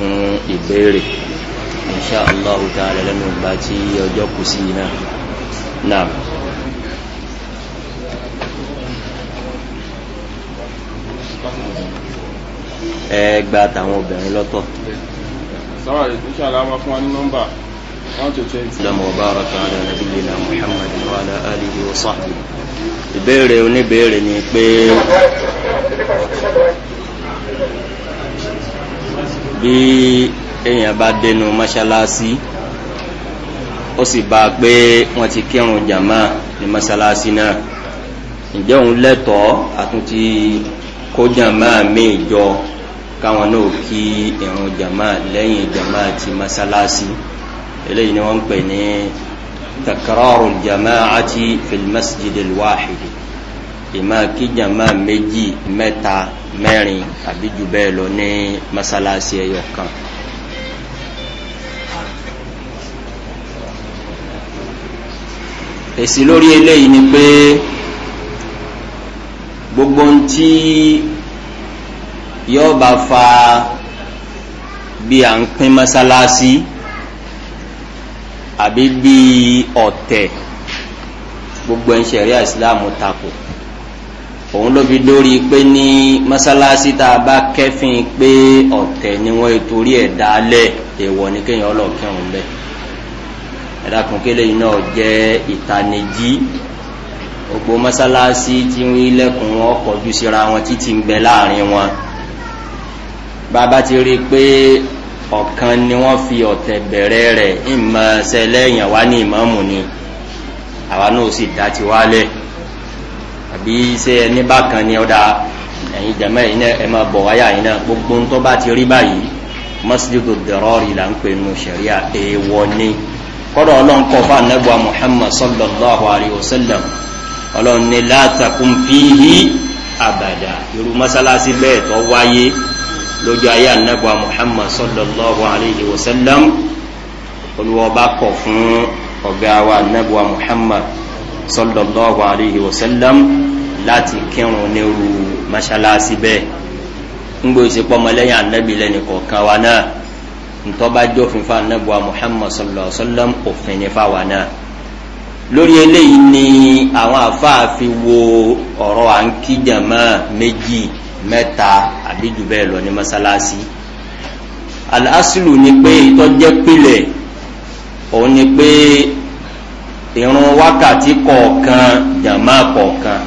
fún ìbéèrè insha allahu ta'ala lẹ́nu ìgbà tí ọjọ́ kù sí iná náà. ẹ gba àtàwọn obìnrin lọ́tọ̀. sáwà insha Allah máa fún wa ní nọ́mbà one to twenty. lọ́mọ ọba ọ̀rọ̀ kan ní nàbíyìnà muhammad wa ala alihi wa sahbihi. ìbéèrè oníbéèrè ni pé bí èèyàn bá dẹnu mọ́ṣáláṣí ó sì bá a pé wọ́n ti kírun jàmá ní mọ́ṣáláṣí náà ǹjẹ́ òun lẹ́tọ̀ọ́ àtúntí kó jàmá míì jọ káwọn náà kí irun jàmá lẹ́yìn jàmá ti mọ́ṣáláṣí eléyìí ni wọ́n ń pè ní takararul jamaati fil masjidil ìmọ̀ kíjà máa méjì mẹ́ta mẹ́rin àbí jù bẹ́ẹ̀ lọ ní mọ́sálásí ẹyọ kan. èsì lórí eléyìí ni pé gbogbo ń tí yóò bá fa bí à ń pín mọ́sálásí àbí bí ọ̀tẹ̀ gbogbo ń ṣẹ̀rí àìsílámù takò òun ló fi dórí pé ní mọ́sálásí tá a bá kẹ́fìn pé ọ̀tẹ̀ ni wọ́n torí ẹ̀ dálẹ̀ èèwọ̀ ni kéèyàn ọlọ́ọ̀kẹ́hùn bẹ́ẹ̀ ẹ̀dàkùn kélé yìí náà jẹ́ ìtanijí gbogbo mọ́sálásí tí ń ilẹ̀kùn wọn kọjú síra wọn títí ń bẹ láàrin wọn bàbá ti rí i pé ọ̀kan ni wọ́n fi ọ̀tẹ̀ bẹ̀rẹ̀ rẹ̀ ìmọ̀ ṣẹlẹ̀ yàn wá ní ìmọ̀ọ́mù ni àwa náà sì dá ti wálẹ̀ àbí ṣe ẹni bákan ni ọ̀dà ẹ̀yin jẹ̀mọ́ ẹ̀yin náà ẹ̀ máa bọ̀ wáyà yìí náà gbogbo ń tó bá ti rí báyìí masjidu dẹ̀rọ̀rì là ń pè nu sẹ̀ríà èèwọ̀ ni kọ́dọ̀ ọlọ́run kọ́ fún anagba muhammad sallallahu alayhi wa sallam ọlọ́run ní látàkùn fíhí àbàdà irú masalasi bẹ́ẹ̀ tó wáyé lójú ayé anagba muhammad sallallahu alayhi wa sallam olùwọ́ bá kọ̀ fún ọ̀gá wa anagba muhammad sọlọlọ́wọ́ àríhì wọ́sẹ́lẹ́m láti kírun nírú mọ́ṣáláṣí bẹ́ẹ̀ ńgbé ṣe pọ́ mọ́lẹ́yìn anábì lẹ́nu kọ̀ọ̀kan wa náà ntọ́ba jófin fún anábùwà muhammad sọlọ́sọlọ́m òfin ní fáwa náà lórí eléyìí ni àwọn àfáàfi wo ọ̀rọ̀ à ń kí jàmọ́ méjì mẹ́ta àbí jù bẹ́ẹ̀ lọ ní mọ́ṣáláṣí alásùlù ni pé ìtọ́jẹ́ pilẹ̀ òun ni pé irun wákàtí kọ̀ọ̀kan jàmá kọ̀ọ̀kan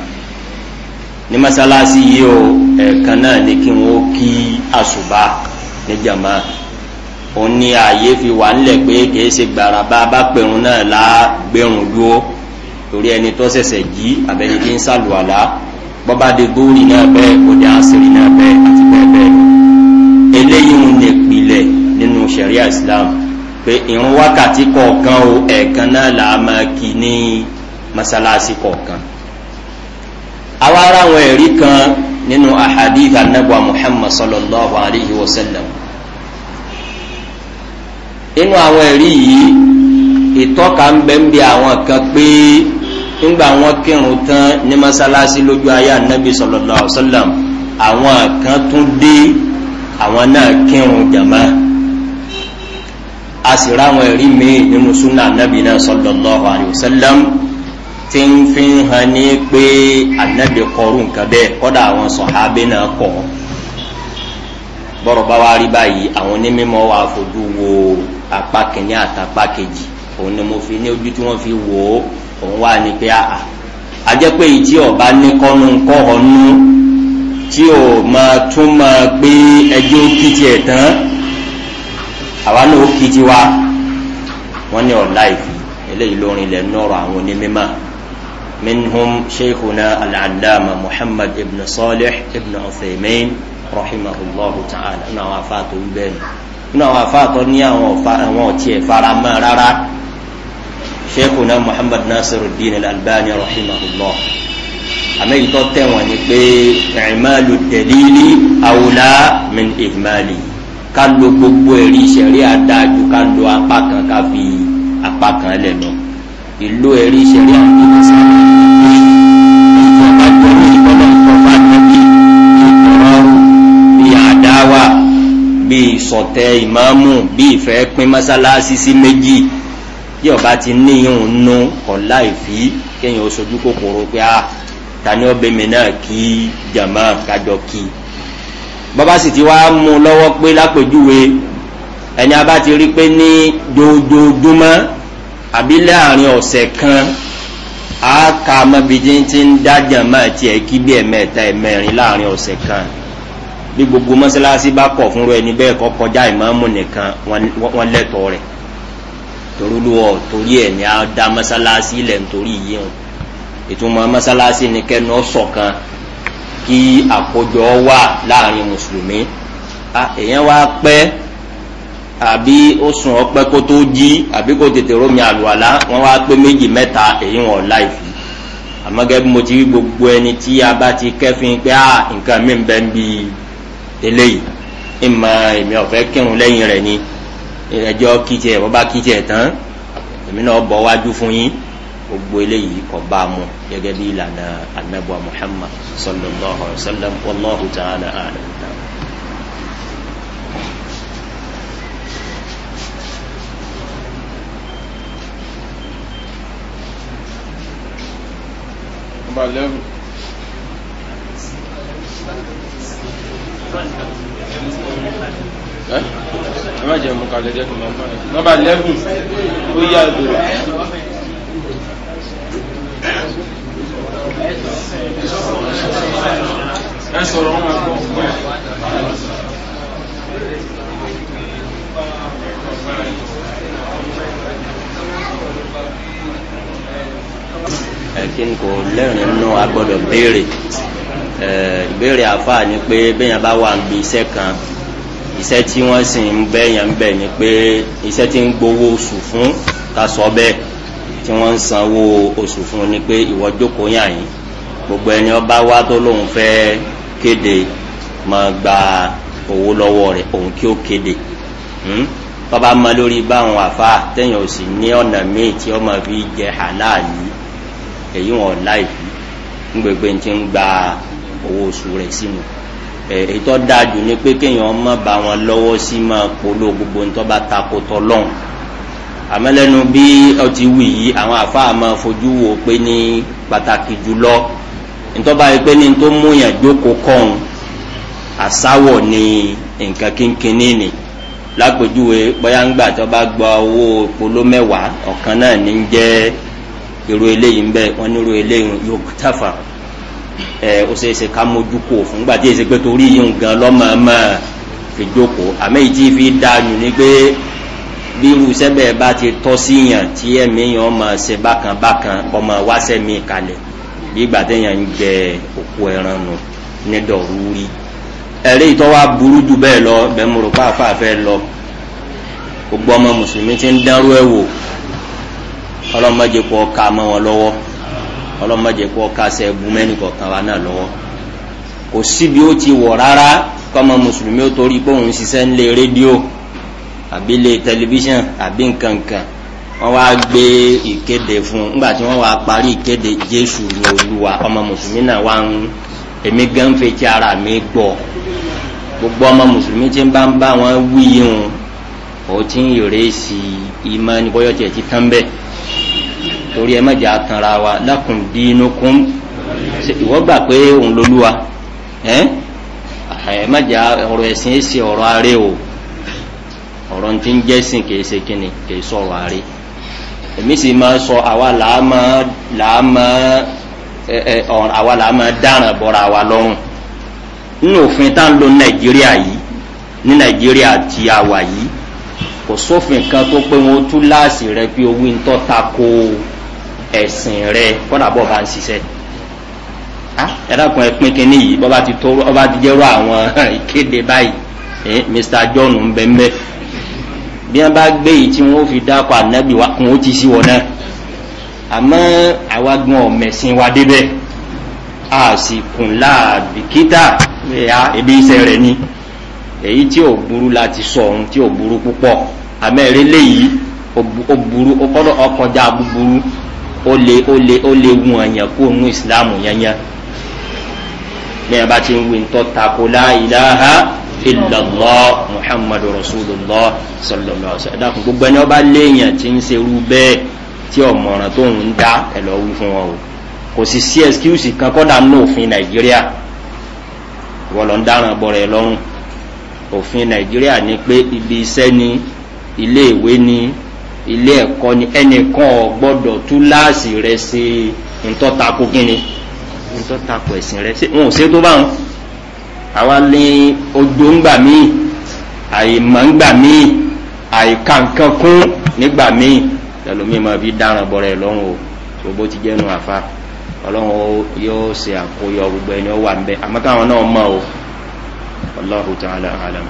ní masalasi yìí o ẹ̀ẹ̀kan náà ni kí wọ́n kí àṣùbà ní jàmá òun ni ààyè fi wà nílẹ̀ pé kìí ṣe gbàrà bá a bá pẹ̀rùn náà la gbẹ̀rùn dúró torí ẹni tó ṣẹ̀ṣẹ̀ jí abẹ́ni tí ń sàlùwàlá bọ́bá de dóòrì náà bẹ́ẹ̀ kò dé àṣírí náà bẹ́ẹ̀ àti bẹ́ẹ̀ bẹ́ẹ̀ eléyìí ń lè pilẹ̀ nínú sẹ̀ríà islam pé irun wákàtí kọ̀ọ̀kan o ẹ̀ẹ̀kan náà là á máa kí ní masalasi kọ̀ọ̀kan àwa ara àwọn ẹ̀rí kan nínú ahadith anabu muhammad sallallahu alayhi wa sallam inú àwọn ẹ̀rí yìí ìtọ́ka ń bẹ́ ń bi àwọn kan pé ńgbà wọn kírun tán ní masalasi lójú ayé anabi sallallahu alayhi wa sallam àwọn kan tún dé àwọn náà kírun jàmáà a sì ráwọn ẹ̀rí míì nínú súnà anábì náà sọlọ́lọ́hu àlùsálàm tí ń fi hàn ní pé anábì kọrú nǹkan bẹ́ẹ̀ kọ́dà àwọn sọ̀hábẹ́ náà kọ́ bọ́rọ̀ bá wá rí báyìí àwọn onímọ̀ wa fojú wo apá kìíní àtàpá kejì òun ni mo fi ní ojú tí wọ́n fi wò ó òun wà ní pé àà ajẹ́pẹ́ yìí tí ọba ní kọ́nu kọ́ ọ̀nù tí ò máa tún máa gbé ẹjọ́ kìtì ẹ̀ tán àwa náà ó kí tiwa wọn ní ọ̀la ìfì eléyìí lórin ilẹ̀ nọ́ọ̀rọ̀ àwọn onímọ̀ minhum sheikhuna al-allama muhammad ibn salih ibn uthaymin rahimahullahu ta'ala ní àwọn afáàtò ń bẹ́ẹ̀ ní àwọn afáàtò ní àwọn ọ̀tí ẹ̀ faramọ́ rárá sheikhuna muhammad nasiruddin al-albani rahimahullah àmọ́ èyí tẹ̀wọ̀n ni pé ẹ̀ẹ́mà tẹ̀lé ní àwùlá min ìhìmáàlì yìí ká lo gbogbo ẹ̀rí ìṣẹ̀rí àdáàjù ká lo apá kan ká fi apá kan lẹ̀ lọ ìlú ẹ̀rí ìṣẹ̀rí àdínà sábà ìjọba tọrọ ìbọlọ ìtọ́fà nẹ́bí ìtọ́rọ bí àdáwà bí ìsọ̀tẹ ìmáàmù bí ìfẹ́ pín mọ́sálásí sí méjì bí ọba ti ní ìhùn nú ọ̀la ìfí kéèyàn ó sojú kòkòrò pé a ah, ta ni ọbẹ̀ mi náà kí jàmáà kájọ kí i bọ́bá sì ti wá mú un lọ́wọ́ pé lápèjúwe ẹni abá ti rí pé ní dojoojúmọ́ àbí láàrin ọ̀sẹ̀ kan a ka mọ́bìdí ti ń dájà máa tiẹ̀ kí bí ẹ̀mẹ́ta ẹ̀mẹ́rin láàrin ọ̀sẹ̀ kan bí gbogbo mọ́sálásí bá kọ̀ fún rẹ níbẹ̀ kọ́ kọjá ìmọ̀ọ́mù nìkan wọ́n lẹ́tọ̀ọ́ rẹ̀ torúlùwọ̀ torí ẹ̀ ní a dá mọ́sálásí lẹ̀ nítorí yìí hàn ìtumọ̀ mọ́sálásí ni kẹ́nu ọ̀sọ̀ kan kí àkójọ wà láàrin mùsùlùmí èèyàn wá pẹ́ àbí ó sùn ọpẹ́ kó tó jí àbí kó tètè rómi àlùwàlá wọ́n wá pé méjì mẹ́ta èyí wọn láìfi àmọ́ gẹ́gẹ́ bí mo ti rí gbogbo ẹni tí a bá ti kẹ́fín pé à ah, nǹkan mi ń bẹ́ ń bi eléyìí ìmọ̀ èmi ọ̀fẹ́ kírun lẹ́yìn rẹ̀ ni ẹjọ́ kìtì ẹ̀ bọ́ bá tán èmi náà bọ̀ wájú fún yín gbogbo eléyìí kò bá a mu gẹ́gẹ́ bí ìlànà anabuwa muhammad sallallahu alayhi wa sallam wallahu ta'ala alam. balẹ̀rù. Eh? ẹ má jẹ́ mú kalẹ̀ jẹ́ kí n máa ń bá yẹn. nọ́mbà eleven ó yá ìgbèrò. ẹ sọ̀rọ̀ wọn kọ́ pẹ́. ẹ̀kí kò lẹ́rìn nù agbọ́dọ̀ béèrè ìbéèrè àfa ni pé bẹ́yàn bá wà níbi iṣẹ́ kan iṣẹ́ tí wọ́n sì ń bẹ́yàn bẹ̀ ni pé iṣẹ́ tí ń gbowó oṣù fún ká sọ bẹ́ẹ̀ tí wọ́n ń sanwó oṣù fún ni pé ìwọ yàn yín gbogbo ẹni ọba wa tó lóun fẹ́ kéde máa gba owó lọ́wọ́ rẹ̀ òun kí ó kéde hmm? tọ́ba mọ lórí báwọn àfa téèyàn ò sì ní ọ̀nà míì tí fi jẹ àláàlú èyí wọn láì fi ń gbègbè ti ń gba owó oṣù sínú èyí tó ni pé kéèyàn wọn lọ́wọ́ sí máa polo gbogbo ní tọ́ba tako ntọ́ba yìí pé ní tó mú yàn jókòó kọ́hún àsáwọ̀ ni nǹkan kínkínní ni lápèjúwe bóyá ń gbà tó bá gba owó polo mẹ́wàá ọ̀kan náà ní jẹ́ irú eléyìí ń bẹ́ẹ̀ wọ́n ní irú eléyìí yóò tàfà ẹ̀ ó ṣe é ṣe ká mójú kó fún gbà tí èsì pé torí yìí ń gan lọ́mọọmọ fi jókòó àmọ́ èyí tí fi dáa jù ni pé bí irú sẹ́bẹ̀ bá ti tọ́ sí yàn tí ẹ̀mí yàn ọmọ ṣe bákan bákan ọmọ wáṣẹ́ mi kalẹ̀ bí ìgbà téèyàn ń jẹ òkú ẹran nù nídọ̀rú rí ẹ̀rí ìtọ́wá burú jù bẹ́ẹ̀ lọ bẹ́ẹ̀ mo rò pàápàá fẹ́ lọ gbogbo ọmọ mùsùlùmí ti ń dárú ẹ̀ wò ọlọ́mọdé kọ́ ká mọ́ wọn lọ́wọ́ ọlọ́mọdé kọ́ ká sẹ́ bùmẹ́nì kọ̀ọ̀kan wa náà lọ́wọ́ kò síbi ó ti wọ̀ rárá rédíò àbí lé tẹlifíṣàn àbí nǹkan wọ́n wá gbé ìkéde fún nígbà wọ́n wá parí ìkéde jésù ní olúwa ọmọ mùsùlùmí náà wá ń èmi gan ara mi gbọ́ gbogbo ọmọ mùsùlùmí tí ń bá ń bá wọn wí yìí ó ti ń yòrèsì ìmọ̀ ní bọ́yọ̀ tiẹ̀ ti tán bẹ́ẹ̀ torí ẹ àtànra wa lákùn dínú kún ìwọ́ gbà pé òun lolúwa ẹ ọ̀rọ̀ ẹ̀sìn ọ̀rọ̀ o ọ̀rọ̀ ti ń jẹ́sìn kìí ṣe kìí sọ̀rọ̀ èmi sì máa sọ àwa làá máa làá máa àwa làá máa dáràn bọ́ra wa lọ́rùn nínú òfin tá ń lo nàìjíríà yìí ní nàìjíríà ti àwà yìí kò sófin kan tó pé wọn tú láàsì rẹ bí owó ń tọ́ ta ko ẹ̀sìn rẹ kọ́dà bọ́ bá ń ṣiṣẹ́ ẹ dákun ẹ pín kínní yìí bọ́ bá ti tó bọ́ bá ti jẹ́rọ àwọn ìkéde báyìí mr john ń bẹ́ẹ̀ mẹ́ẹ̀ bí wọn bá gbé yìí tí wọn fi dákọ ànábì wa kún ó ti sí wọn náà àmọ́ àwa gan ọ̀mẹ̀sìn wa débẹ̀ a sì kùn láàbìkítà ẹ̀yà ebi iṣẹ́ rẹ̀ ni èyí tí ò burú láti sọ ohun tí ò burú púpọ̀ àmẹ́rẹ́ léyìí ó burú ó kọ́dọ̀ ọkọjá búburú ó lé ó lé ó lé wù ọ̀yàn kó nu ìsìlámù yẹn yẹn ní ẹ bá ti ń wí ń tọ́ tako láìláha illallah muhammadu rasulillah sallallahu alaihi wa sallam gbogbo ẹni ọba léèyàn ti ń ṣe irú bẹ́ẹ̀ tí ọmọràn tó ń dá ẹ lọ wí fún wọn o kò sì sí ẹsikúùsì kan kọ́dà ní òfin nàìjíríà wọ́n lọ ń dáràn bọ̀rẹ̀ lọ́rùn òfin nàìjíríà ni pé ibi iṣẹ́ ni ilé ìwé ni ilé ẹ̀kọ́ ni ẹnìkan ọ̀ gbọ́dọ̀ tú láàsì rẹ̀ ṣe ntọ́ta kó kínni ntọ́ta kó ẹ̀sìn rẹ̀ ṣe wọn ò ṣe tó báwọn àwa lé odò ńgbà míì àìmọ̀ ńgbà míì àìkàǹkan kún nígbà míì lẹ́lòmíì máa fi dáràn bọ̀rẹ̀ lọ́rùn o gbogbo ti jẹ́nu àfa ọlọ́run yóò ṣe àkóyọ gbogbo ẹni ó wà ń àmọ́ káwọn náà mọ̀ o ọlọ́run tó ala alam.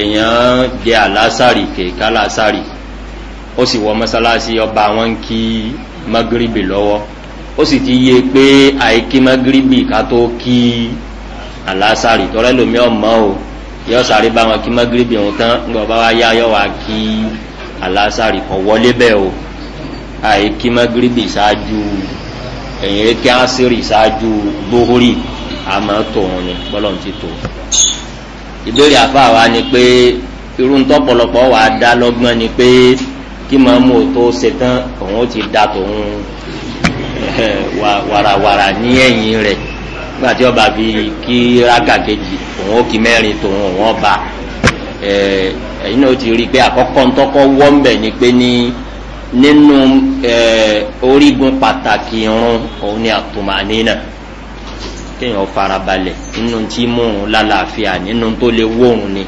èèyàn jẹ àlásàrì kéka àlásàrì ó sì wọ mọ́sálásí ọba wọn kí magrebi lọ́wọ́ ó sì ti yé pé àìkí magrebi ká tó kí. Ki Alasari, tọ́rẹ́ lomi ọmọ o yọ sàrí bá wọn kí mọ́gírìbì ọ̀hún tán ńgbà ọba wa yá yọ wá kí alásàrì kan wọlé bẹ́ẹ̀ o àyè kí mọ́gírìbì ṣáájú ẹ̀yìn kí ásírì ṣáájú gbóhórì àmọ́ tó wọn ni bọ́lọ̀ ti tó. ìbéèrè àfa wa ni pé irú ntọ́pọ̀lọpọ̀ wà á dá lọ́gbọ́n ni pé kí màá mú o tó ṣetán òun ti da tòun wàràwàrà ní ẹ̀yìn rẹ̀ gbàtí ọba fi kí rákà kejì òun ó kí mẹ́rin tòun òun ọba ẹ̀yin náà ti rí i pé àkọ́kọ́ ntọ́kọ́ wọ́ ń bẹ̀ ni pé ní nínú orígun pàtàkì irun òun ni àtùmánínà kéèyàn farabalẹ̀ nínú tí mú un lálàáfíà nínú tó lè wóorun ni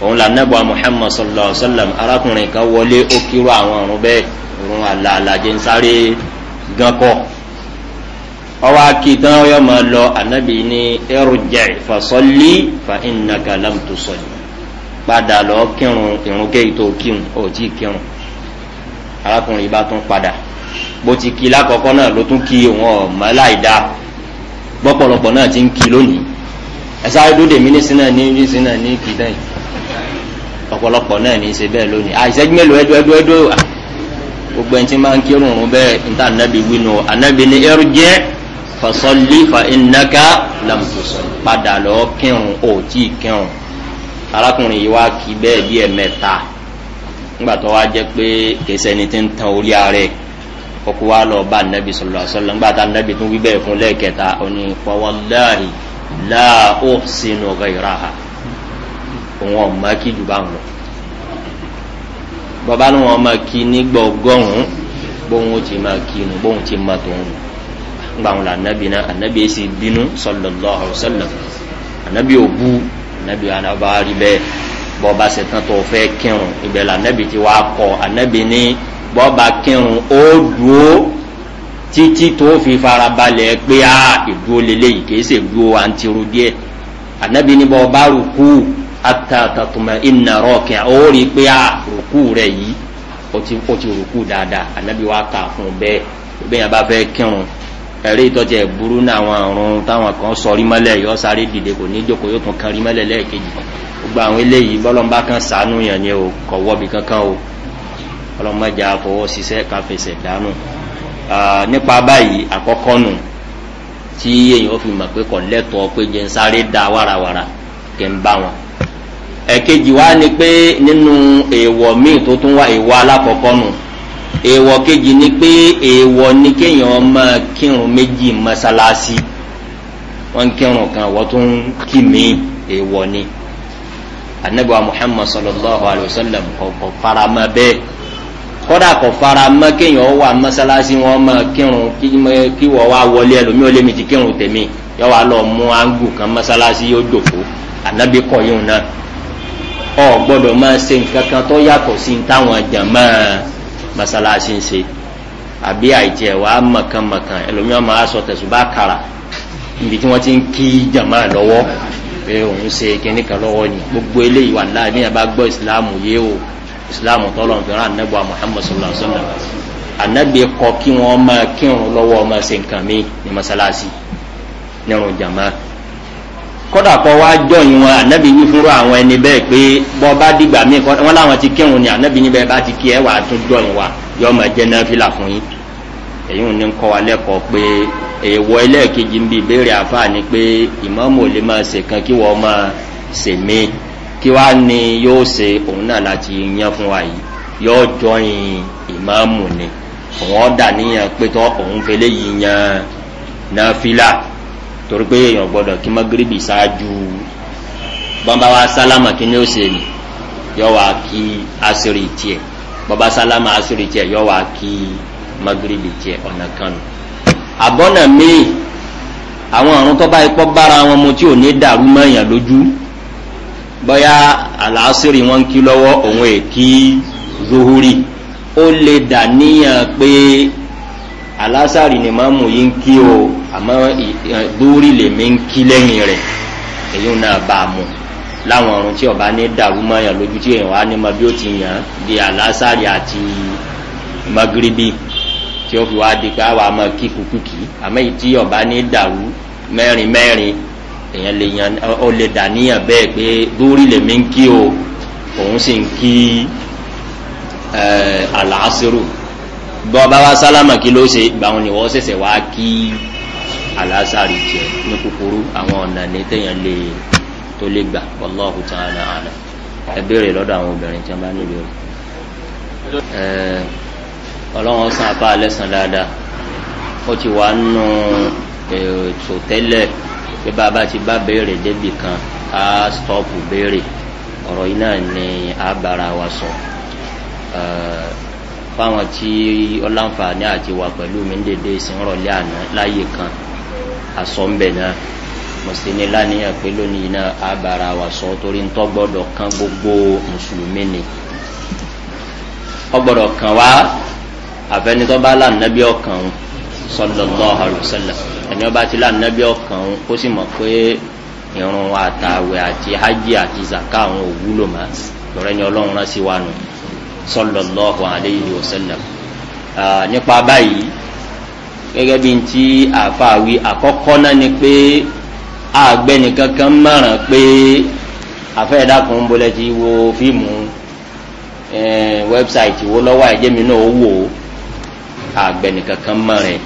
òun là nẹ́bọ̀ muhammed sallallahu alayhi wa sallam arákùnrin kan wọlé ó kíró àwọn ọ̀run bẹ́ẹ̀ òun àlàalàjẹ́ ń sáré gánkọ́ ọwọ́ akitan ọyọ́ máa lọ anabi ní ẹrùjẹ fasọ́lì fa iná galam tó sọ̀lì padà lọ kírun irun kéyìí tó kírun ò tí kírun arákùnrin bá tún padà bó ti kí lákọ̀ọ́kọ́ náà ló tún kí òun ọ̀mọ láìda gbọ́pọ̀lọpọ̀ náà ti ń kí lónìí ẹ̀sà ìdóde mi ní sinà ní ní sinà ní kìtàn yìí ọ̀pọ̀lọpọ̀ náà ní í ṣe bẹ́ẹ̀ lónìí àìsẹ́jú mélòó ẹdú ẹdú ẹdú gbogbo ẹni tí máa ń kírun bẹ́ẹ̀ níta ànábi wínú ànábi ní ẹrú jẹ́ fasọ́lí fa ináka lamtosọ padà lọ kírun ó tí kírun arákùnrin yìí wá kí bẹ́ẹ̀ bí ẹ̀mẹ́ta nígbà tó wá jẹ́ pé kèsẹ́ ni ti ń tan orí ààrẹ kókó wá lọ bá nàbì sọlọ sọlọ nígbà tá nàbì tún wí bẹ́ẹ̀ fún lẹ́ẹ̀kẹta òní fọwọ́láhì láà ó sínú ọ̀gá ìraha òun ọ̀ma kí jù bá ń lọ bọ́bá ni wọ́n máa kí nígbà ọgọ́rùn bóun ti máa kí nu bóun ti máa tó ń lọ ngbawo la anabi na anabi esi binu sallallahu alaihi wa sallam anabi o bu anabi anabaari bɛɛ bɔba sɛtɛn tó fɛ kírun ibɛ la anabi ti wá kɔ anabi ni bɔba kírun ó dúró títí tó fi farabalẹ̀ pé a ìdúró lélẹ́yìí kìí ṣe dúró à ń tirú díẹ̀ anabi ni bɔba rúkú atatatuma iná rọ̀kì ó rí pé a rúkú rẹ̀ yìí ó ti rúkú dáadáa anabi wá kà fún bẹ́ẹ̀ bẹ́ẹ̀ bá fẹ́ kírun. ẹ̀rí ìtọ́jú ẹ̀ burú ní àwọn àrùn táwọn kan sọ rí mọ́lẹ̀ yọ sáré dìde kò ní jókòó yóò tún kan rí mọ́lẹ̀ lẹ́ẹ̀kejì gbogbo àwọn eléyìí kan sànú yàn ni o kọ̀ wọ́bi kankan o ọlọ́mọdé àfọwọ́ ṣiṣẹ́ ká fẹsẹ̀ dánù nípa báyìí àkọ́kọ́ nù tí èèyàn fi mọ̀ pé kọ̀ lẹ́tọ̀ọ́ pé jẹ́ ń sáré da kẹ́ ń wa èèwọ̀ kejì ni pé èèwọ̀ ni kéèyàn máa kírun méjì mọ́sálásí wọ́n ń kírun kan wọ́n tún kí mi èèwọ̀ ni anabiwa muhammad sallallahu alayhi wa sallam kò farama bẹ́ẹ̀ kódà kò farama kéèyàn wà mọ́sálásí wọ́n máa kírun kí wọ́n wá wọlé ẹlòmíì ó lé mi ti kírun tèmi yóò wá lọ mú angu kan mọ́sálásí yóò jòkó anabi kọ̀ yóò náà ọ̀ gbọ́dọ̀ máa ṣe nǹkan kan tó yàtọ̀ sí táwọn jàmáà masalasi ń ṣe àbí àìtí ẹ̀ wá mọ̀kànmọ̀kàn ẹlòmíràn máa sọ tẹ̀sùbá kara níbi tí wọ́n ti ń kí jàmáà lọ́wọ́ pé òun ṣe kíní kan lọ́wọ́ ni gbogbo eléyìí wà láàyè bí yẹn bá gbọ́ ìsìláàmù yé o ìsìláàmù tọ́lọ̀ ń fẹ́ràn anábì wa muhammed sallallahu alayhi wa sallam anábì kọ kí wọ́n máa kírun lọ́wọ́ máa ṣe nǹkan mi ní masalasi nírun jàmáà kódà kọ́ wá jọ̀yìn wọn ànábì yìí fúnra àwọn ẹni bẹ́ẹ̀ pé bọ́ bá dìgbà míì kọ́ wọn láwọn ti kírun ni ànábì yìí bẹ́ẹ̀ bá ti kí ẹ wà tún jọ̀yìn wa yọ ọmọ ẹjẹ náà fìlà fún yín èyí ò ní kọ́ wa lẹ́kọ̀ọ́ pé èèwọ̀ ẹlẹ́ẹ̀kejì ń bi ìbéèrè àfa ni pé ìmọ̀ọ́mù ò lè máa ṣe kan kí wọ́n máa ṣe mí kí wàá ní yóò ṣe òun náà láti yan fún wa yìí yóò jọyìn ìmọ̀ọ́mù ni òun ọ̀dà níyàn pé tọ́ òun fẹlẹ́ yìí yan náà fìlà torí pé èèyàn gbọdọ̀ kí mọ́gírìbì ṣáájú bọ́nbá wa sálámà kí ni ó ṣe nì yọ wá kí asiri tiẹ̀ bọ́nbá sálámà asiri tiẹ̀ yọ wá kí mọ́gírìbì tiẹ̀ ọ̀nà kan nù. àbọ̀nà míì àwọn àrùn tó bá ipọ́ bára wọn mu tí ò ní dàrú mọ́yàn lójú bọ́yá àlàásìrì wọn kí lọ́wọ́ òun èkí zuhuri ó lè dà níyàn pé alásàrì ni màmú yìí ń kí o àmọ́ dúrí lèmi ń kí lẹ́yìn rẹ̀ èyí náà bá a mú láwọn ọ̀run tí ọba ní dàrú mọ́yàn lójú tí èèyàn wá ní mọ bí ó ti yàn di alásàrì àti magrebi tí ó fi wá di pé àwa máa kí kùkùkì àmọ́ èyí tí ọba ní dàrú mẹ́rin mẹ́rin èèyàn lè yàn ó lè dà níyàn bẹ́ẹ̀ pé dúrí lèmi ń kí o òun sì ń kí àlàásírù bọ́ bá wá sálámà kí ló ṣe gbà wọn ni wọ́n ṣẹ̀ṣẹ̀ wá kí alásàrì jẹ ní kúkúrú àwọn ọ̀nà ní téèyàn lè tó lè gbà ọlọ́ọ̀kú tán àná àná ẹ béèrè lọ́dọ̀ àwọn obìnrin tí wọ́n bá nílò rẹ̀ ọlọ́wọ́n san apá alẹ́sàn dáadáa ó ti wà nù ètò tẹ́lẹ̀ pé bàbá ti bá béèrè débì kan á stọ́ọ̀pù béèrè ọ̀rọ̀ yìí náà ni àbára wa sọ. fáwọn tí ọláǹfààní àti wà pẹ̀lú mi ń dédé ìsìnrọ̀lẹ́ àná láyè kan àsọ̀ǹbẹ̀ náà mo láníyàn pé lónìí náà àbára sọ torí ń tọ́ kan gbogbo mùsùlùmí ni gbọdọ kan wá àfẹnitọ́ bá lànàbí ọkàn òun ẹni ti lànàbí ọkàn òun sì mọ̀ pé irun àtàwẹ̀ hajj àti zaka òwúlò lọ́rẹ́ ni ọlọ́run rán sí sọlọlọhu aleyhi wa sallam nípa báyìí gẹ́gẹ́ bí n ti àfàwí àkọ́kọ́ náà ni pé àgbẹ̀ni kankan mọ̀ràn pé àfẹ́ẹ̀dàkùn bọ́lẹ̀ ti wo fíìmù wẹ́bsáìtì wo lọ́wọ́ àìjẹ́mi náà ó wò ó àgbẹ̀ni kankan mọ̀ràn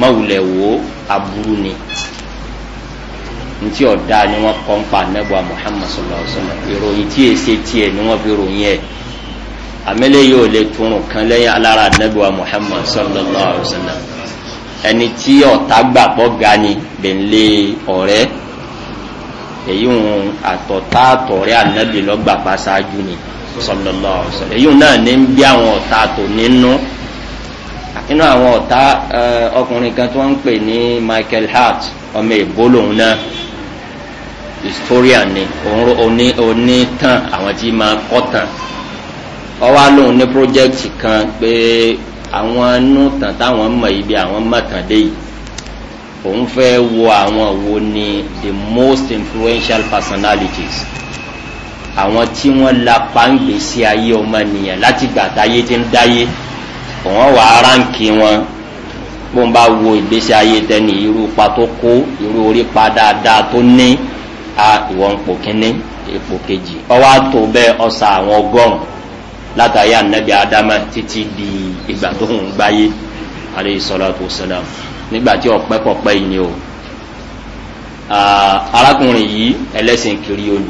mọ̀wulẹ̀ wò ó aburú ni ntí ọ̀dà ni wọ́n kọ́ ń pa anábọ̀ muhammad sallallahu sallam ìròyìn tí èsì tiẹ̀ ni wọ́n fi ròyìn ẹ̀ àmẹ́lẹ́ yóò lè túrùn kan lẹ́yìn alára anábíwá muhammad sallallahu alayhi wa sallam ẹni tí ọ̀tá gbàgbọ́ ga ni bẹ̀ńlẹ̀ ọ̀rẹ́ èyí ń àtọ̀tá àtọ̀rẹ́ anábì lọ́gbà pa ṣáájú ni sallallahu alayhi wa sallam èyí náà ní ń bí àwọn ọ̀tá tó nínú inú àwọn ọ̀tá ọkùnrin kan tí wọ́n ń pè ní michael hart ọmọ èbó lòun náà historian ni òun tán àwọn tí máa kọ́ tán ọwọ́ alóhùn ní pọ́jẹ́kìtì kan pé àwọn inú tàn táwọn mọ̀ ibi àwọn mọ̀tàn dé yìí òun fẹ́ wo àwọn wo ni the most influential personalities àwọn tí wọ́n lapa ń gbèsè ayé ọmọnìyàn láti gbà táyé ti ń dáyé òun wà á ránkì wọn bó ń bá wo ìgbésí ayé tẹni irú pa tó kó irú orí pa dáadáa tó ní a ìwọ̀n pò kínní ipò kejì ọwọ́ àtò bẹ́ẹ̀ ọ̀sà àwọn ọgọ́rùn-ún látàrí anabi adama títí di ìgbà tó ń gbáyé aleyhi salatu wasalam nígbà tí ọ̀pẹ́ kọ̀pẹ́ yìí ni o arákùnrin yìí ẹlẹ́sìn kiri olù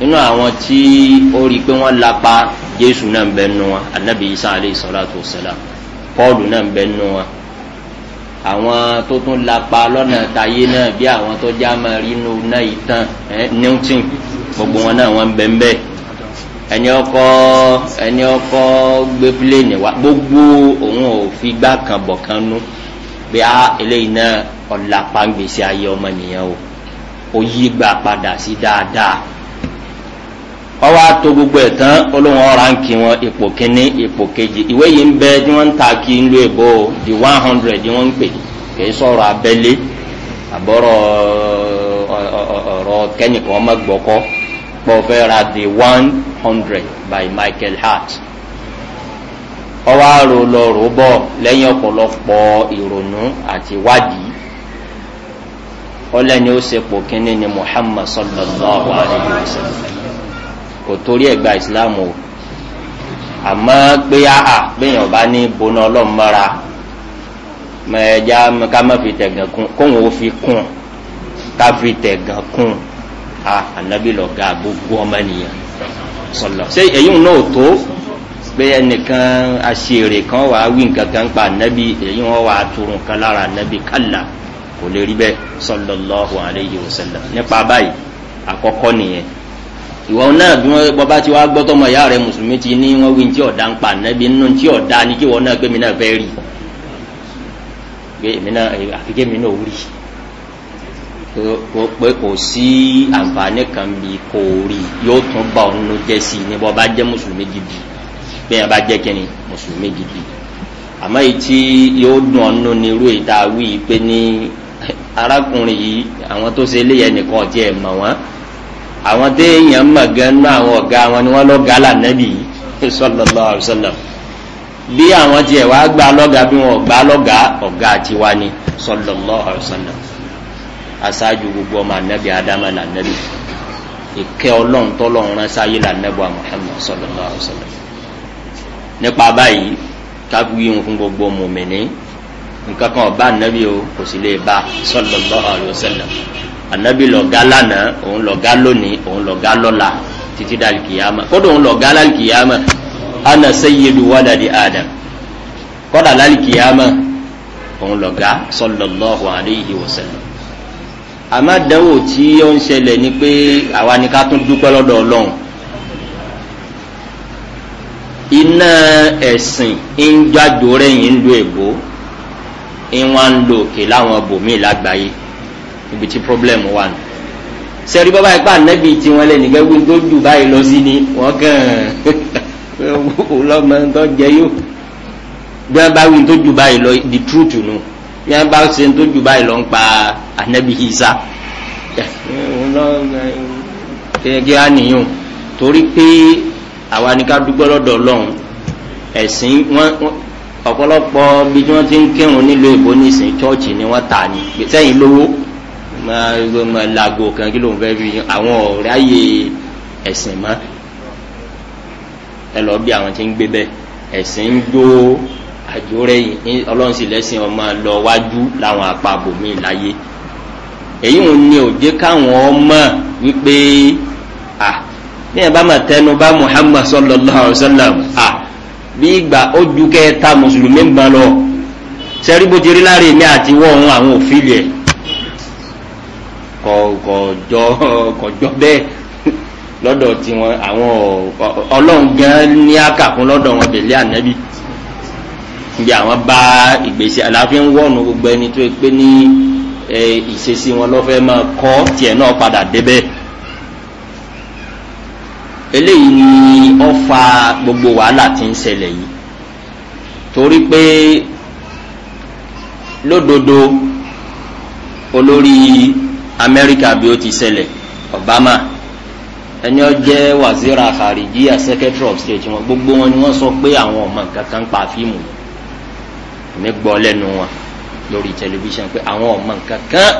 nínú àwọn tí ó rí i pé wọ́n lapa jésù náà ń bẹ wọn anabi isa aleyhi salatu wasalam pọ́ọ̀lù náà ń bẹ nu wọn àwọn tó tún lapa lọ́nà tayé náà bí àwọn tó já rí inú náà ìtàn newton gbogbo wọn náà wọ́n ń bẹ́ẹ̀. ẹni ọkọ ẹni ọkọ gbé pílẹ̀nì wa gbogbo òun ò fi gbá kan bọ̀ kan nú bí a eléyìí náà ọ̀la pàǹgbèsè ayé ọmọ nìyẹn o ó yí gbà padà sí dáadáa wọ́n wá to gbogbo ẹ̀ tán olóhùn ọ̀rá ń kí wọn ipò kínní ipò kejì ìwé yìí ń bẹ tí wọ́n ń ta kí ń lo èbó di one hundred ni wọ́n ń pè kì í sọ̀rọ̀ abẹ́lé àbọ̀rọ̀ ọ̀rọ̀ kẹ́nìkan ọmọ gbọ́kọ́ pọ̀ fẹ́ ra di one hundred by michael hart ọwọ́ àrò lọ rò bọ̀ lẹ́yìn ọ̀pọ̀lọpọ̀ ìrònú àti wádìí ọlẹ́ni ó ṣe pò kínní ni muhammad sallallahu alayhi wa sallam kò torí ẹ̀gbà islam o àmọ́ pé àhà gbẹ̀yìn ọba ní boná ọlọ́mọ́ra mẹ̀ẹ́dá ká má fi tẹ̀gàn kún kóun ó fi kún ká fi tẹ̀gàn kún a ànábì lọ́ga gbogbo ọmọ nìyẹn. sọlọ ṣé èyí náà tó pé ẹnìkan àṣìírè kan wàá wí nǹkan kan pa ànábì èyí wọn wàá turun kan lára ànábì kálá kò lè rí bẹ́ẹ̀ sọlọ lọ́hùn àlẹ́yìí òṣèlú nípa báyìí àkọ́kọ́ nìyẹn ìwọ náà bí wọn bọba tí wàá gbọ́tọ̀ mọ̀ ìyá rẹ mùsùlùmí ti ní wọn wí ní tí ọ̀dà ń pa ànábì nínú tí ọ̀dà ni kí wọn náà gbé mi náà fẹ́ rí gbé mi náà àfikẹ́ mi náà wúri kò pé kò sí àǹfààní kan bí kò rí yóò tún bá òun ló jẹ́ sí i ní bọ́ bá jẹ́ mùsùlùmí gidi bẹ́ẹ̀ bá jẹ́ kínní mùsùlùmí gidi àmọ́ èyí tí yóò dùn ọ́nú ni irú ìta wí pé ní arákùnrin yìí àwọn tó ṣe eléyẹ nìkan ọ̀tí ẹ̀ mọ̀ wọ́n àwọn téèyàn mọ̀ gan nú àwọn ọ̀gá wọn ni wọ́n lọ́ọ́ gálà nẹ́bì sọlọ́lọ́ àrùsọ̀lọ́ bí àwọn tiẹ̀ wá gbà lọ́gàá bí wọn gbà lọ́gàá ọ̀gá tiwa ni sọlọ́lọ́ aṣáájú gbogbo ọmọ anabi adama la nabi ìkẹ́ ọlọ́run tọ́lọ́run rán sáyé la nabi muhammed sallallahu alayhi sallam nípa báyìí kábíyì ń fún gbogbo mòmìnì nǹkan kan ọba anabi o kò sì lè ba sallallahu alayhi wa sallam anabi lọ̀gá lánàá òun lọ̀gá lónìí òun lọ̀gá lọ́la títí dàlí kìyàmà kódò òun lọ̀gá lálí kìyàmà ana sayyidu wadadi adam kódà lálí kìyàmà òun lọ̀gá sallallahu alayhi wa àmọ́ àdánwò tí ó ń ṣẹlẹ̀ ni pé àwa ni ká tún dúpẹ́ lọ́dọ̀ ọlọ́run iná ẹ̀sìn ń jáde rẹ̀yìn ń lo èbó ń wá ń lo òkè láwọn bòmíì lágbàáyé ibi tí pọ́blẹ́mù wà nù sẹ́rí bọ́bá ipá ànẹ́bí tí wọ́n lé nìkan tó jù báyìí lọ sí ni wọ́n kàn án ọlọ́mọ tó jẹ yóò bí wọ́n tó jù báyìí lọ the truth nù. No yẹn bá ṣe ń tójú báyìí lọ ń pa anabi isa gẹ́gẹ́ àníyàn torí pé àwa ni ká dúpẹ́ lọ́dọ̀ ọlọ́run ẹ̀sìn wọn ọ̀pọ̀lọpọ̀ bí wọ́n ti ń kírun nílùú èkó nísìn chọ́ọ̀chì ni wọ́n tà ní sẹ́yìn lówó làgò kan kí ló ń fẹ́ fi àwọn ọ̀rẹ́ àyè ẹ̀sìn mọ́ ẹ lọ bí àwọn ti ń gbé bẹ́ẹ̀ ẹ̀sìn ń gbó àjò rẹ̀ yìí ọlọ́run sì lẹ́sìn ọmọ lọ wájú láwọn àpapọ̀ mi láyé èyí wọn ni òjé káwọn ọmọ wípé à ní ẹ̀ bá mà tẹnu bá muhammad sallallahu alayhi wa sallam à bí ìgbà ó ju kẹta mùsùlùmí ń ban lọ sẹ́rí bó ti rí láre mi àti wọ́n òun àwọn òfin yẹn kọjọ kọjọ bẹẹ lọdọ tiwọn àwọn ọlọrun gan ní àkàkùn lọdọ wọn bẹlẹ ànábì níbi àwọn bá ìgbésí àlàáfíà ń wọ̀nù gbogbo ẹni tó pé ní ìṣesí wọn lọ́fẹ́ máa kọ́ tiẹ̀ náà padà débẹ̀ eléyìí ni ọ fa gbogbo wàhálà tí ń ṣẹlẹ̀ yìí torí pé lódodo olórí amẹ́ríkà bí ó ti ṣẹlẹ̀ obama ẹni ọ jẹ́ wazira khariji secretary of state wọn gbogbo wọn ni wọ́n sọ pé àwọn ọmọ nǹkan kan pa fíìmù yìí èmi gbọ́ lẹ́nu wọn lórí tẹlifíṣàn pé àwọn ọmọ kankan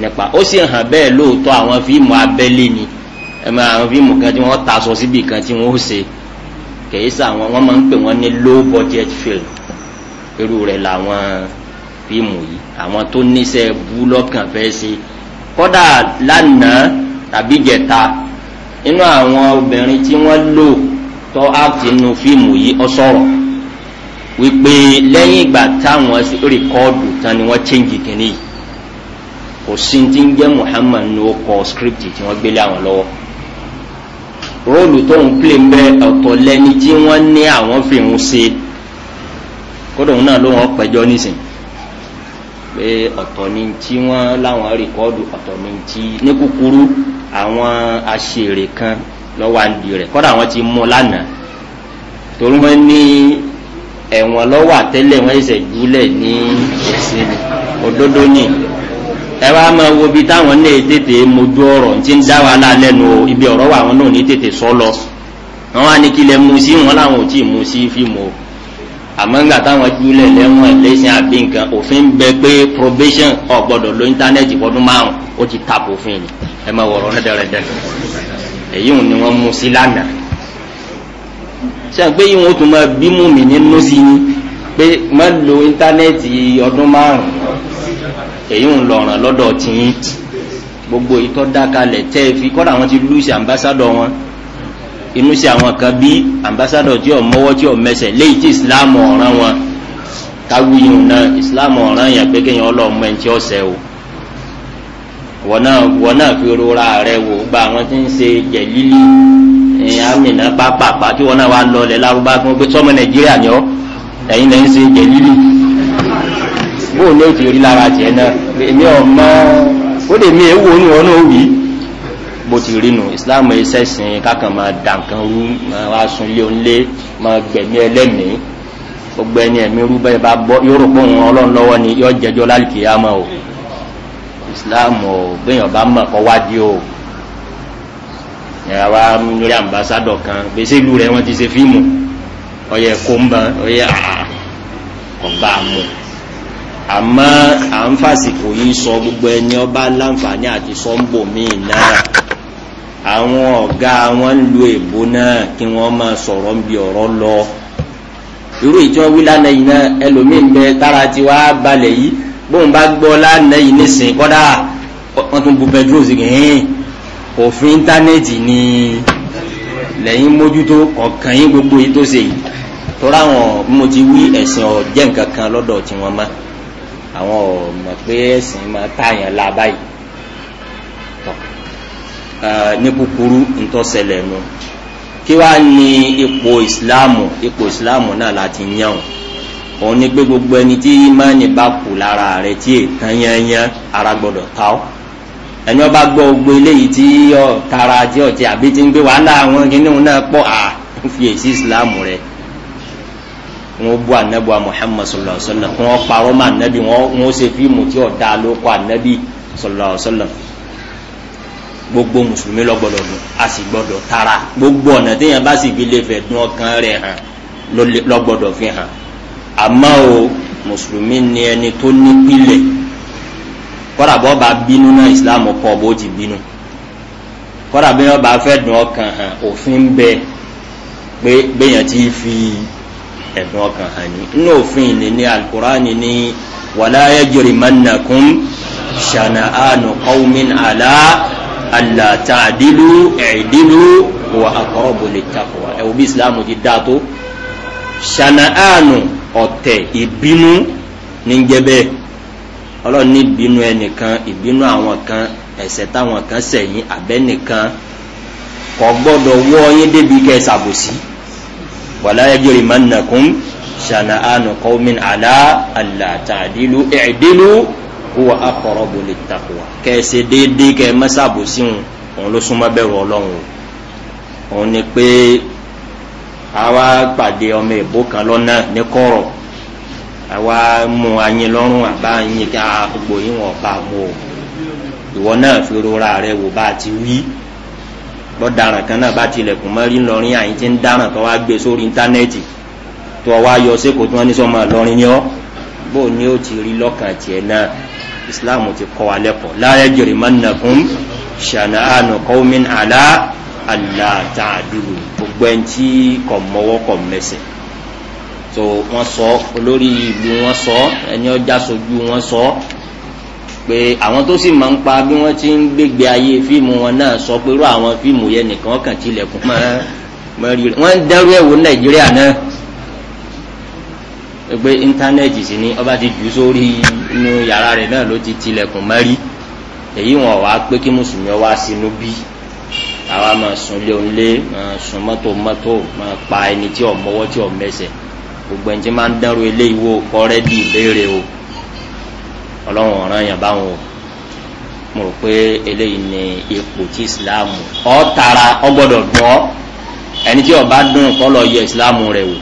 nípa ó sì hàn bẹ́ẹ̀ lóòótọ́ àwọn fíìmù abẹ́lé ni ẹ̀mọ àwọn fíìmù kan tí wọ́n ta aṣọ síbi kan tí wọ́n ó ṣe kèé sá wọn wọ́n máa ń pè wọ́n ní low budget film irú rẹ̀ làwọn fíìmù yìí àwọn tó níṣẹ́ bú lọ́kàn fẹ́ ṣe kọ́dà lánàá tàbí jẹ̀ta inú àwọn obìnrin tí wọ́n lò tọ́ áàtì inú fíìmù yìí ọ sọ̀rọ̀ wípé lẹ́yìn ìgbà táwọn rìkọ́ọ̀dù tán ni wọ́n chẹ́ǹgì kìíní yìí kò sí ti ń jẹ́ muhammad ní ọkọ̀ script tí wọ́n gbélé àwọn lọ́wọ́ róòlù tó ń pè ń bẹ ọ̀tọ̀ lẹ́ni tí wọ́n ní àwọn fi ń ṣe kódà òun náà ló wọ́n pẹ́jọ́ nísìn pé ọ̀tọ̀ ni tí wọ́n láwọn rìkọ́ọ̀dù ọ̀tọ̀ ni tí ní kúkúrú àwọn aṣèrè kan lọ́wọ́ àǹdí rẹ̀ kódà àwọn ti mú lánàá torí wọ́n ní ẹ̀wọ̀n lọ́wọ́ àtẹ́lẹ̀ wọn ẹsẹ̀ júlẹ̀ ní ẹ̀sìn òdodo ni ẹ wá máa wo ibi táwọn náà tètè mojú ọ̀rọ̀ tí ń dá wàhálà lẹ́nu o ibi ọ̀rọ̀ wà wọn náà ní tètè sọ lọ wọn wá ní kí lẹ mu sí wọn làwọn ò tí ì mu sí fíìmù o àmọ́ ńgbà táwọn júlẹ̀ lẹ́wọ̀n ẹ̀lẹ́sìn àbí nǹkan òfin ń bẹ pé probation ọ̀gbọ́dọ̀ lo íńtánẹ́ẹ̀tì fọdún márùn ó ti tàpọ̀ òfin ni ẹ máa wọ̀rọ̀ rẹ́dẹ̀rẹ́dẹ̀ èyí ò wọ́n mu sí lánàá sẹ́yìn pé yìí wọ́n tún máa bímú mi nínú sí ni pé má lo íńtánẹ́ẹ̀tì ọdún márùn-ún èyí ń lọ̀ràn lọ́dọ̀ tìyín gbogbo ìtọ́ dákalẹ̀ tẹ́ ẹ fi kọ́dà wọn ti lùsì àmbásádọ̀ wọn inú sí àwọn kan bí àmbásádọ̀ tí ò mọ́wọ́ tí ò mẹsẹ̀ léyìí tí ìsìláàmù ọ̀ràn wọn káwíyìn náà ìsìláàmù ọ̀ràn yẹn pé kéèyàn ọlọ́mọ ẹni tí ó sẹ́ o wọ́n náà fi rora rẹ wò gba àwọn tí ń se jẹ̀lílì ní amina pápápá kí wọn náà wá lọ lẹ lárúbá fún wọn pé sọmọ nàìjíríà ni ọ ẹyin lẹyìn ṣe jẹ lílì bó ní ètò orí lára tiẹ náà èmi ọmọ ó lè mi èwo ni wọn náà wí bó ti rí nu islam ẹsẹ sìn kákan máa dà nǹkan rú máa wá sun ilé onílé máa gbẹmí ẹlẹmìí gbogbo ẹni ẹmí rú bẹ́ẹ̀ bá bọ́ yóò rò pé òun ọlọ́run lọ́wọ́ ni yóò jẹjọ́ lálùkìyàmọ́ o islam o bẹ́ẹ̀ yọ̀ọ́ bá mọ̀ kọ́ wádìí o yàrá wa lórí ambassadọ kan gbèsè ìlú rẹ wọn ti ṣe fíìmù ọyẹ kóńbà ọyẹ ọba ah, àmọ àmọ́ à ń fàsìkò yìí sọ gbogbo ẹni ọba láǹfààní àti sọ́ńbò míì náà àwọn ọ̀gá wọn ń lu èbó náà kí wọ́n máa sọ̀rọ̀ ń bi ọ̀rọ̀ lọ irú ìjọ wí lánàá yìí náà ẹlòmíín bẹ tára tí wàá balẹ̀ yìí bóun bá gbọ́ lánàá yìí nísìnyí kọ́dà wọ́n tún bu pẹtrol sí kìhìn òfin íńtánẹ́ẹ̀tì ni lẹ́yìn mójútó ọ̀kan yín gbogbo yìí tó ṣe yìí tọ́ra àwọn mo ti wí ẹ̀sìn ọ̀jẹ́ nǹkan kan lọ́dọ̀ tí wọ́n má àwọn ọ̀mọ̀ pé ẹ̀sìn máa táyàn la báyìí ní kúkúrú ntọ́sẹ̀lẹ̀ nu kí wàá ní ipò ìsìláàmù ipò ìsìláàmù náà láti ni pé gbogbo ẹni tí imáni bá kù lára rẹ tí èèkàn yẹn yẹn ara ẹni ọba gbọ́ gbogbo eléyìí tí ọ tara tí ọ ti àbí ti ń gbé wàhálà àwọn kìnìún náà pọ̀ à ń fi èsì ìsìláàmù rẹ̀ wọn bu anabi wa muhammad sallallahu alaihi sallam wọn parọ́ mọ́ anabi wọn ṣe fíìmù tí ọ da ló kọ́ anabi sallallahu alaihi sallam gbogbo mùsùlùmí lọ́gbọ́dọ̀ dùn a sì gbọ́dọ̀ tara gbogbo ọ̀nà téèyàn bá sì fi lè fẹ̀ dún ọkàn rẹ̀ hàn lọ́gbọ́dọ̀ fi hàn àmọ́ o mùsùlùmí ni ẹni tó ní pílẹ̀ kọ́dà bọ́ bá bínú náà islam kọ́ bó ti bínú kọ́dà bí wọ́n bá fẹ́ dùn ọkàn hàn òfin bẹ pé béèyàn ti fi ẹ̀dùn ọkàn hàn ní inú òfin ìní ní alukur'ani ní wàláyé jòrì mánàkún ṣànà àánú kọ́wmin àlá àlàtà àdìlú ẹ̀ẹ́dìlú wà àkọ́rọ̀bù lè takùwà ẹ̀ òbí islam ti dáa tó ṣànà àánú ọ̀tẹ̀ ìbínú ní jẹ́ bẹ́ẹ̀ ọlọ́run ní ìbínú ẹnìkan ìbínú àwọn kan ẹ̀sẹ̀ táwọn kan sẹ̀yìn àbẹ́nìkan kò gbọ́dọ̀ wọ́ yín débi kẹ́ ẹ ṣàbòsí wàláyé jẹ́rì máa ń nàkún ṣànà àánú kọ́mìn àlá àlá tàdílù ẹ̀ẹ́dílù kúwa akọ̀rọ̀ bòlè takuwa kẹ́ ẹ ṣe déédéé kẹ́ ẹ má ṣàbòsí wọn òun ló súnmọ́ bẹ̀rù ọlọ́run o òun ni pé àwa pàdé ọmọ ìbò kan lọ́nà ní kọ́rọ̀ àwa mú anyin lọ́rùn àbá anyin ká gbogbo yín wọ́n bá mú o ìwọ náà fi rora rẹ wò bá ti wí lọ́daràn kan náà bá tilẹ̀kùn mọ́rí ńlọrin àyín ti ń dáràn tó wá gbé sórí íńtánẹ́ẹ̀tì tó wá yọ sékòó tí wọ́n ní sọ́mọ́ lọ́rin ni ọ́ bó o ní o ti rí lọ́kàn tiẹ̀ náà islam ti kọ́ wa lẹ́kọ̀ọ́ láyé jèrè mọ́nàkún ṣànà àánú kọ́wọ́mìn àlá àlá tààdùrù gbogbo ẹni tí kò mọ́wọ́ kò mẹ́sẹ̀ so wọn sọ olórí ìlú wọn sọ ẹni ọjà sojú wọn sọ pé àwọn tó sì máa ń pa bí wọn ti ń gbégbé ayé fíìmù wọn náà sọ pé irú àwọn fíìmù yẹn nìkan kàn tilẹ̀kùn mọ́ mọ́rí rẹ̀ wọ́n ń dẹ́rú ẹ̀ wò nàìjíríà náà pé íńtánẹ́ẹ̀tì sì ni ọba ti jù sórí inú yàrá rẹ̀ náà ló ti tilẹ̀kùn mọ́rí èyí wọn wàá pé kí mùsùlùmí wá sínú bíi àwa máa sùn lé òun lé máa sùn mọ́tò mọ́tò máa pa ẹni tí ò mọ́wọ́ tí ò mẹ́sẹ̀ gbogbo ẹni tí máa ń dárò eléyìí wo kọ́ rẹ́dí ìbéèrè o ọlọ́run ọ̀ràn yàn báwọn o mo rò pé eléyìí ni ipò tí ìsìláàmù ọ tara ọ gbọdọ̀ dùn ọ ẹni tí ọba dùn kọ́ lọ yẹ ìsìláàmù rẹ wò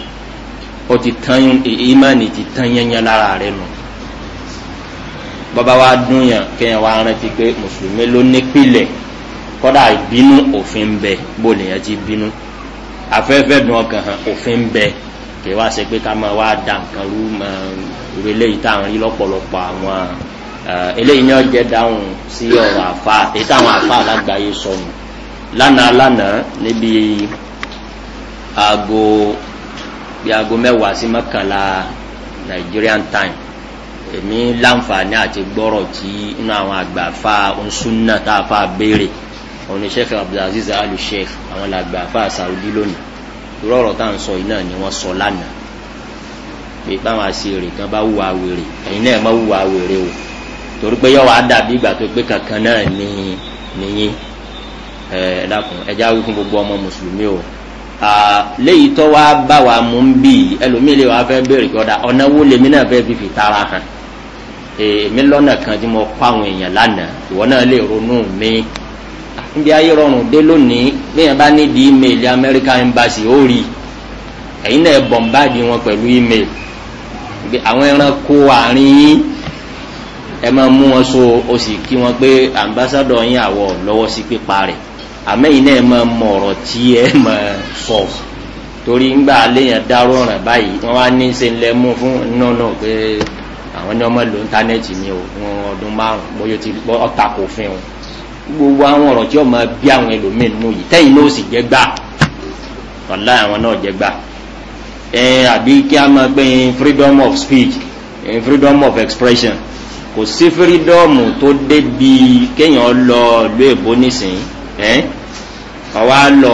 ó ti tán ìmánì ti tán yẹnyẹn lára rẹ nù bọ́bá wa dùn yàn kéèyàn wa rántí pé mùsùlùmí ló nípìlẹ̀ kọ́dà ìbínú òfin bẹ bó lèèyàn ti bínú afẹ́fẹ́ dùn ọkàn hàn òfin bẹ kì í wá ṣe pé ká máa wá da nǹkan rú mọ irú eléyìí tá à ń rí lọ́pọ̀lọpọ̀ àwọn eléyìí náà jẹ́ dáhùn sí ọ̀rọ̀ àfa èyí táwọn àfa alágbàáyé sọnù lánàá lánàá níbi aago bí aago mẹ́wàá sí mọ́kànlá nigerian time èmi láǹfààní àti gbọ́rọ̀ tí inú àwọn àgbààfà oṣùnà tá a fa béèrè oníṣẹ́fẹ̀ abdulaziz alu sheikh àwọn làgbààfà saudi lónìí. rọrọ tá à ń sọ yìí náà ni wọn sọ lánàá pé báwọn àṣìrè kan bá wù àwèrè ẹyin náà má wù o torí pé yọ wàá ìgbà tó pé kankan náà ní nìyín ẹ ẹ dákun gbogbo ọmọ mùsùlùmí o léyìí tó wa mú bì í fẹ́ kọ́dà ọ̀nà wo lèmi náà fẹ́ fi tara hàn èmi lọ́nà kan tí mo kọ́ níbi ayé rọrùn dé lónìí bẹ́ẹ̀ bá ní di email american embassy ó rí ẹ̀yin náà bọ̀m̀báàdì wọn pẹ̀lú email àwọn ẹranko àárín yín ẹ máa mú wọn so o sì kí wọn pé ambassadọ yín àwọ̀ lọ́wọ́ sí pípa rẹ̀ àmọ́ ẹ̀yin náà máa mọ ọ̀rọ̀ tí ẹ máa sọ torí ńgbà léèyàn dárò ràn báyìí wọn wá ní ṣe ń lẹ mú fún nọ́nà pé àwọn ní ọmọ lò íńtánẹ́ẹ̀tì ni o wọn ọdún márùn-ún bóyá ó ti ọ̀tà kò fún un gbogbo àwọn ọ̀rọ̀ tí ó máa bí àwọn ẹlòmíì nù yìí tẹ́yìn ló sì jẹ́ gbà wàlá àwọn náà jẹ́ gbà ẹ àbí kí a máa gbé freedom of speech freedom of expression kò sí freedom tó débi kéèyàn lọ ìlú èbó nísìnyí ẹ ọwọ́ lọ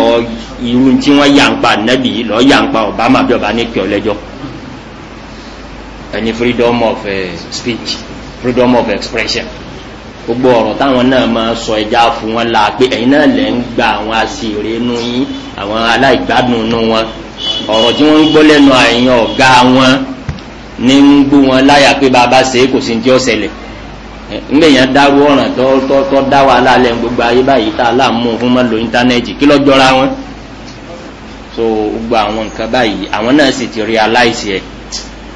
irú tí wọ́n yà ń pa nẹ́bí yìí yà ń pa obama bí ọba ní pẹ́ ọlẹ́jọ́ ẹni freedom of uh, speech freedom of expression gbogbo ọ̀rọ̀ táwọn náà máa sọ ẹja fún wọn la pé ẹ̀yin náà lẹ̀ ń gba àwọn àṣìírí inú yín àwọn aláìgbádùn inú wọn ọ̀rọ̀ tí wọ́n ń gbọ́ lẹ́nu àyàn ọ̀gá wọn ní ń gbó wọn láyà pé bàbá ṣe é kò sí ti ọ̀sẹ̀lẹ̀ ńgbẹ̀yàn dárú ọ̀ràn tó dá wàhálà lẹ́ gbogbo ayé báyìí tá a là ń mú fún mọ́ lo íńtánẹ́ẹ̀tì kí lọ́ọ́ jọra wọn so gbogbo àwọn nǹkan báyìí àwọn náà sì ti realize ẹ̀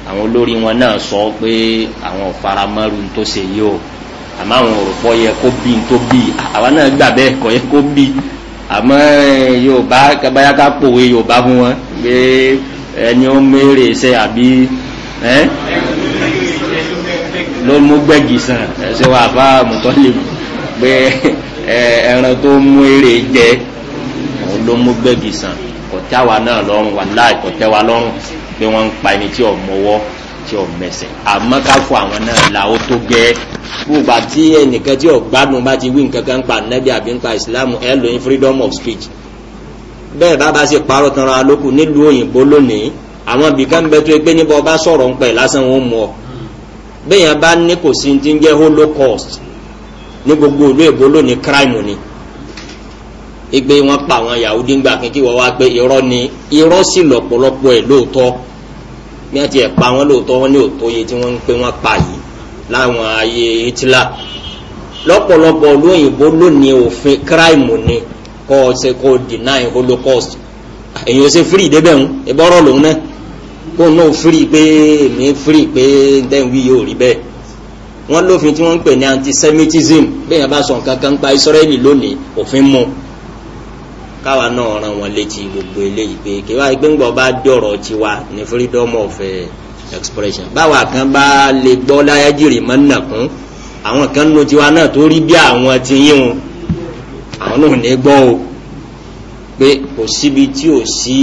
àwọn olórí wọn náà sọ pé àwọn ò faramọ́rù tó ṣe yìí o àmọ́ àwọn òrùpọ̀ yẹ kó bí n tó bí àwa náà gbà bẹ́ẹ̀ kọ́ yẹ kó bí àmọ́ eh, yorùbá báyà ká pòwe yorùbá fún wọn pé ẹni ó mèrè ṣe àbí ló mú gbẹ̀gì sàn ẹ̀ṣẹ̀ wà bá mùtọ́lì pé ẹran tó mú èrè jẹ òun ló mú gbẹ̀gì sàn kọ̀tẹ́wà náà lọ́rùn wà láì kọ̀tẹ́wà lọ́rùn pé wọ́n ń pa ẹni tí ò mọ́wọ́ tí ò mẹsẹ̀ àmọ́ ká fún àwọn náà là ó tó gẹ́ gbogbo àti ẹnìkan tí ọ̀gbádùn bá ti wí nǹkan kan pa nẹ́bí àbí ń pa ìsìláàmù ẹ lóyún freedom of speech bẹ́ẹ̀ bá bá sì parọ́ tan ra lókù nílùú òyìnbó lónìí àwọn ibìkan bẹ tó pé níbo ọba sọ̀rọ̀ ń pẹ̀ lásán wọn mọ̀ bẹ́ẹ̀ yẹn bá ní kò sí ti ń jẹ́ holocaust ní gbogbo ìlú èbó lónìí crime ni ìgbé wọn pa àwọn yahoo díngbà kí wọ́n wá pé irọ́ ni irọ́ sì lọ̀pọ̀lọpọ̀ ẹ̀ bí wọ́n ti ẹ̀ lóòótọ́ wọ́n ní òtóye tí wọ́n ń pé wọ́n pa yìí láwọn ayé hitler lọ́pọ̀lọpọ̀ lóyìnbó lónìí òfin kíráìmù ni kọ́ ọ ṣe kó deny holocaust èyí ṣe free débẹ̀ ń ìbọ̀rọ̀ lòun náà kó náà free pé èmi free pé dẹ́n wí yóò rí bẹ́ẹ̀ wọ́n lófin tí wọ́n ń pè ní antisemitism bẹ́ẹ̀ yẹn bá sọ nǹkan kan pa israeli lónìí òfin mu káwa náà ran wọn létí gbogbo eléyìí pé kí wáyé gbẹ́ngbọ́ bá dọ̀rọ̀ tiwa ní freedom of uh, expression báwa kan bá lè gbọ́ láyájìrì mọ́ nàkún àwọn kan nínú tiwa náà tó rí bí àwọn ti yín o àwọn náà ní gbọ́ o pé kò síbi tí ò sí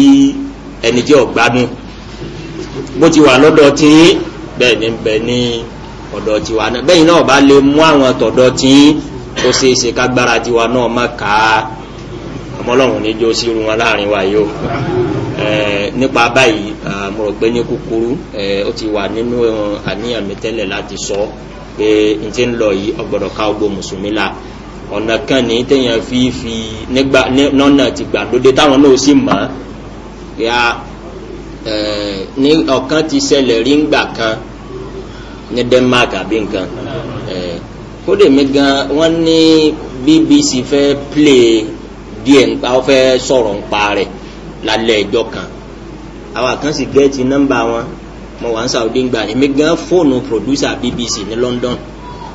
ẹni tí ò gbádùn bó ti wà lọ́dọ̀ tí bẹ́ẹ̀ ni bẹ́ẹ̀ ni ọ̀dọ̀ tiwa náà bẹ́ẹ̀ náà bá lè mú àwọn tọ̀dọ̀ tí ó ṣeé ṣe kágbára tiwa náà má kàá ọmọlọ́run ní jó sí irun wọn láàrin wa yìí o nípa báyìí mo rò pé ní kúkúrú ó ti wà nínú àníyàn mi tẹ́lẹ̀ láti sọ pé n ti ń lọ yìí ọgbọ̀dọ̀ ká ogbó mùsùlùmí la ọ̀nà kan ní téèyàn fi fi nígbà nọ́nà ti gbà táwọn náà sì mọ̀ ya ní ọ̀kan ti ṣẹlẹ̀ rí ngbà kan ní denmark àbí nǹkan kódèmí gan wọ́n ní bbc fẹ́ play díẹ̀ nípa ó fẹ́ sọ̀rọ̀ nípa rẹ̀ lálẹ́ ẹjọ́ kan àwọn kan sì gẹ́ẹ̀tì nọ́mbà wọn mo wà ń Saudi gbà èmi gan fóònù producer BBC ní London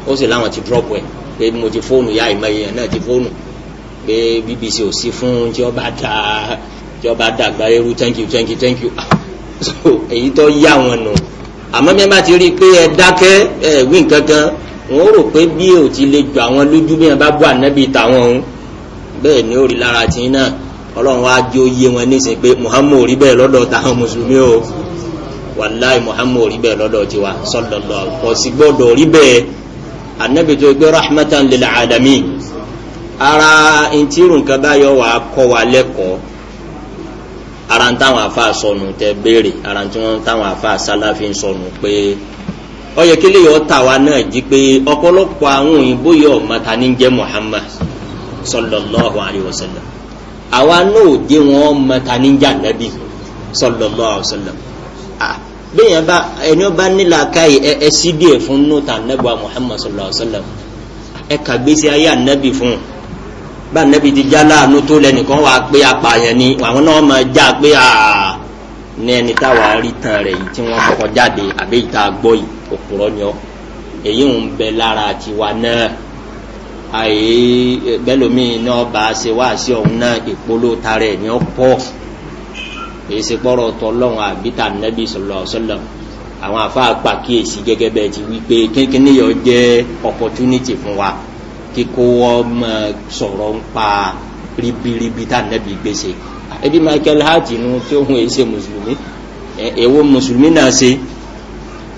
ó sì láwọn ti drop ẹ̀ pé mo ti fóònù ya ìmọ̀ èèyàn náà ti fóònù pé BBC ò sí fún tí ó bá da tí ó bá da àgbáyé rú thank you thank you thank you so èyí tó yá wọn nù àmọ́ bí wọ́n bá ti rí i pé ẹ dákẹ́ ẹ wí nǹkan kan wọ́n rò pé bí ò ti lè jọ àwọn lójú bí wọ́n bá bọ́ ànábì tàwọn òun bẹ́ẹ̀ ni ó rí lára tí ń náà ọlọ́run wá jó yé wọn nísìnyí pé muhammed rí bẹ́ẹ̀ lọ́dọ̀ táwọn mùsùlùmí o wàláì muhammed rí bẹ́ẹ̀ lọ́dọ̀ tiwa sọlọ́lọ́ kò sì gbọ́dọ̀ rí bẹ́ẹ̀ anabi tó gbé rahmatan lil alami ara ntí nǹkan báyọ̀ wà kọ́ wa lẹ́kọ̀ọ́ ara ń táwọn afa sọnù tẹ béèrè ara ń tí wọn táwọn afa sálàfin sọnù pé ọyọ kí lè yọ tàwa náà jí pé ọpọlọpọ àwọn òyìnbó yọ ọmọ ta ní jẹ muhammad sọlọlọ́hu àríwọ̀sẹ̀lẹ̀ àwa náà dé wọn mọta níjà nàbí sọlọlọ́hu sọlọm bẹ́ẹ̀ bá ẹni ó bá nílà káyì ẹ ẹ sí díẹ̀ fún nùtà nàbà muhammad sọlọlọ́hu sọlọm ẹ kàgbésí ayé ànábì fún un bá nàbì ti já láàánú tó lẹnìkan wàá pé apààyàn ni àwọn náà máa já pé àà ní ẹni táwa rí tán rẹ̀ yìí tí wọ́n kọ́kọ́ jáde àbí ìta gbọ́ yìí òpùrọ́ ni ọ́ èyí ń bẹ lára tiwa náà àyè e, bẹ́lòmíì náà bá a ṣe wá sí ọ̀hún náà ìpolówó tarẹ̀ ní ọ̀pọ̀ èyí ṣe pọ́rọ̀ tọ́lọ́hún àbíta nẹ́bí sọ̀lọ́ sọ́lọ́ àwọn àfáà pàkíyèsí gẹ́gẹ́ bẹ́ẹ̀ ti wí pé kínkínní yọ jẹ́ opportunity fún wa kíkó ọmọ sọ̀rọ̀ ń pa ribiribi tá nẹ́bí gbèsè ẹbí michael hart nu tí òun èyí ṣe mùsùlùmí èwo mùsùlùmí náà ṣe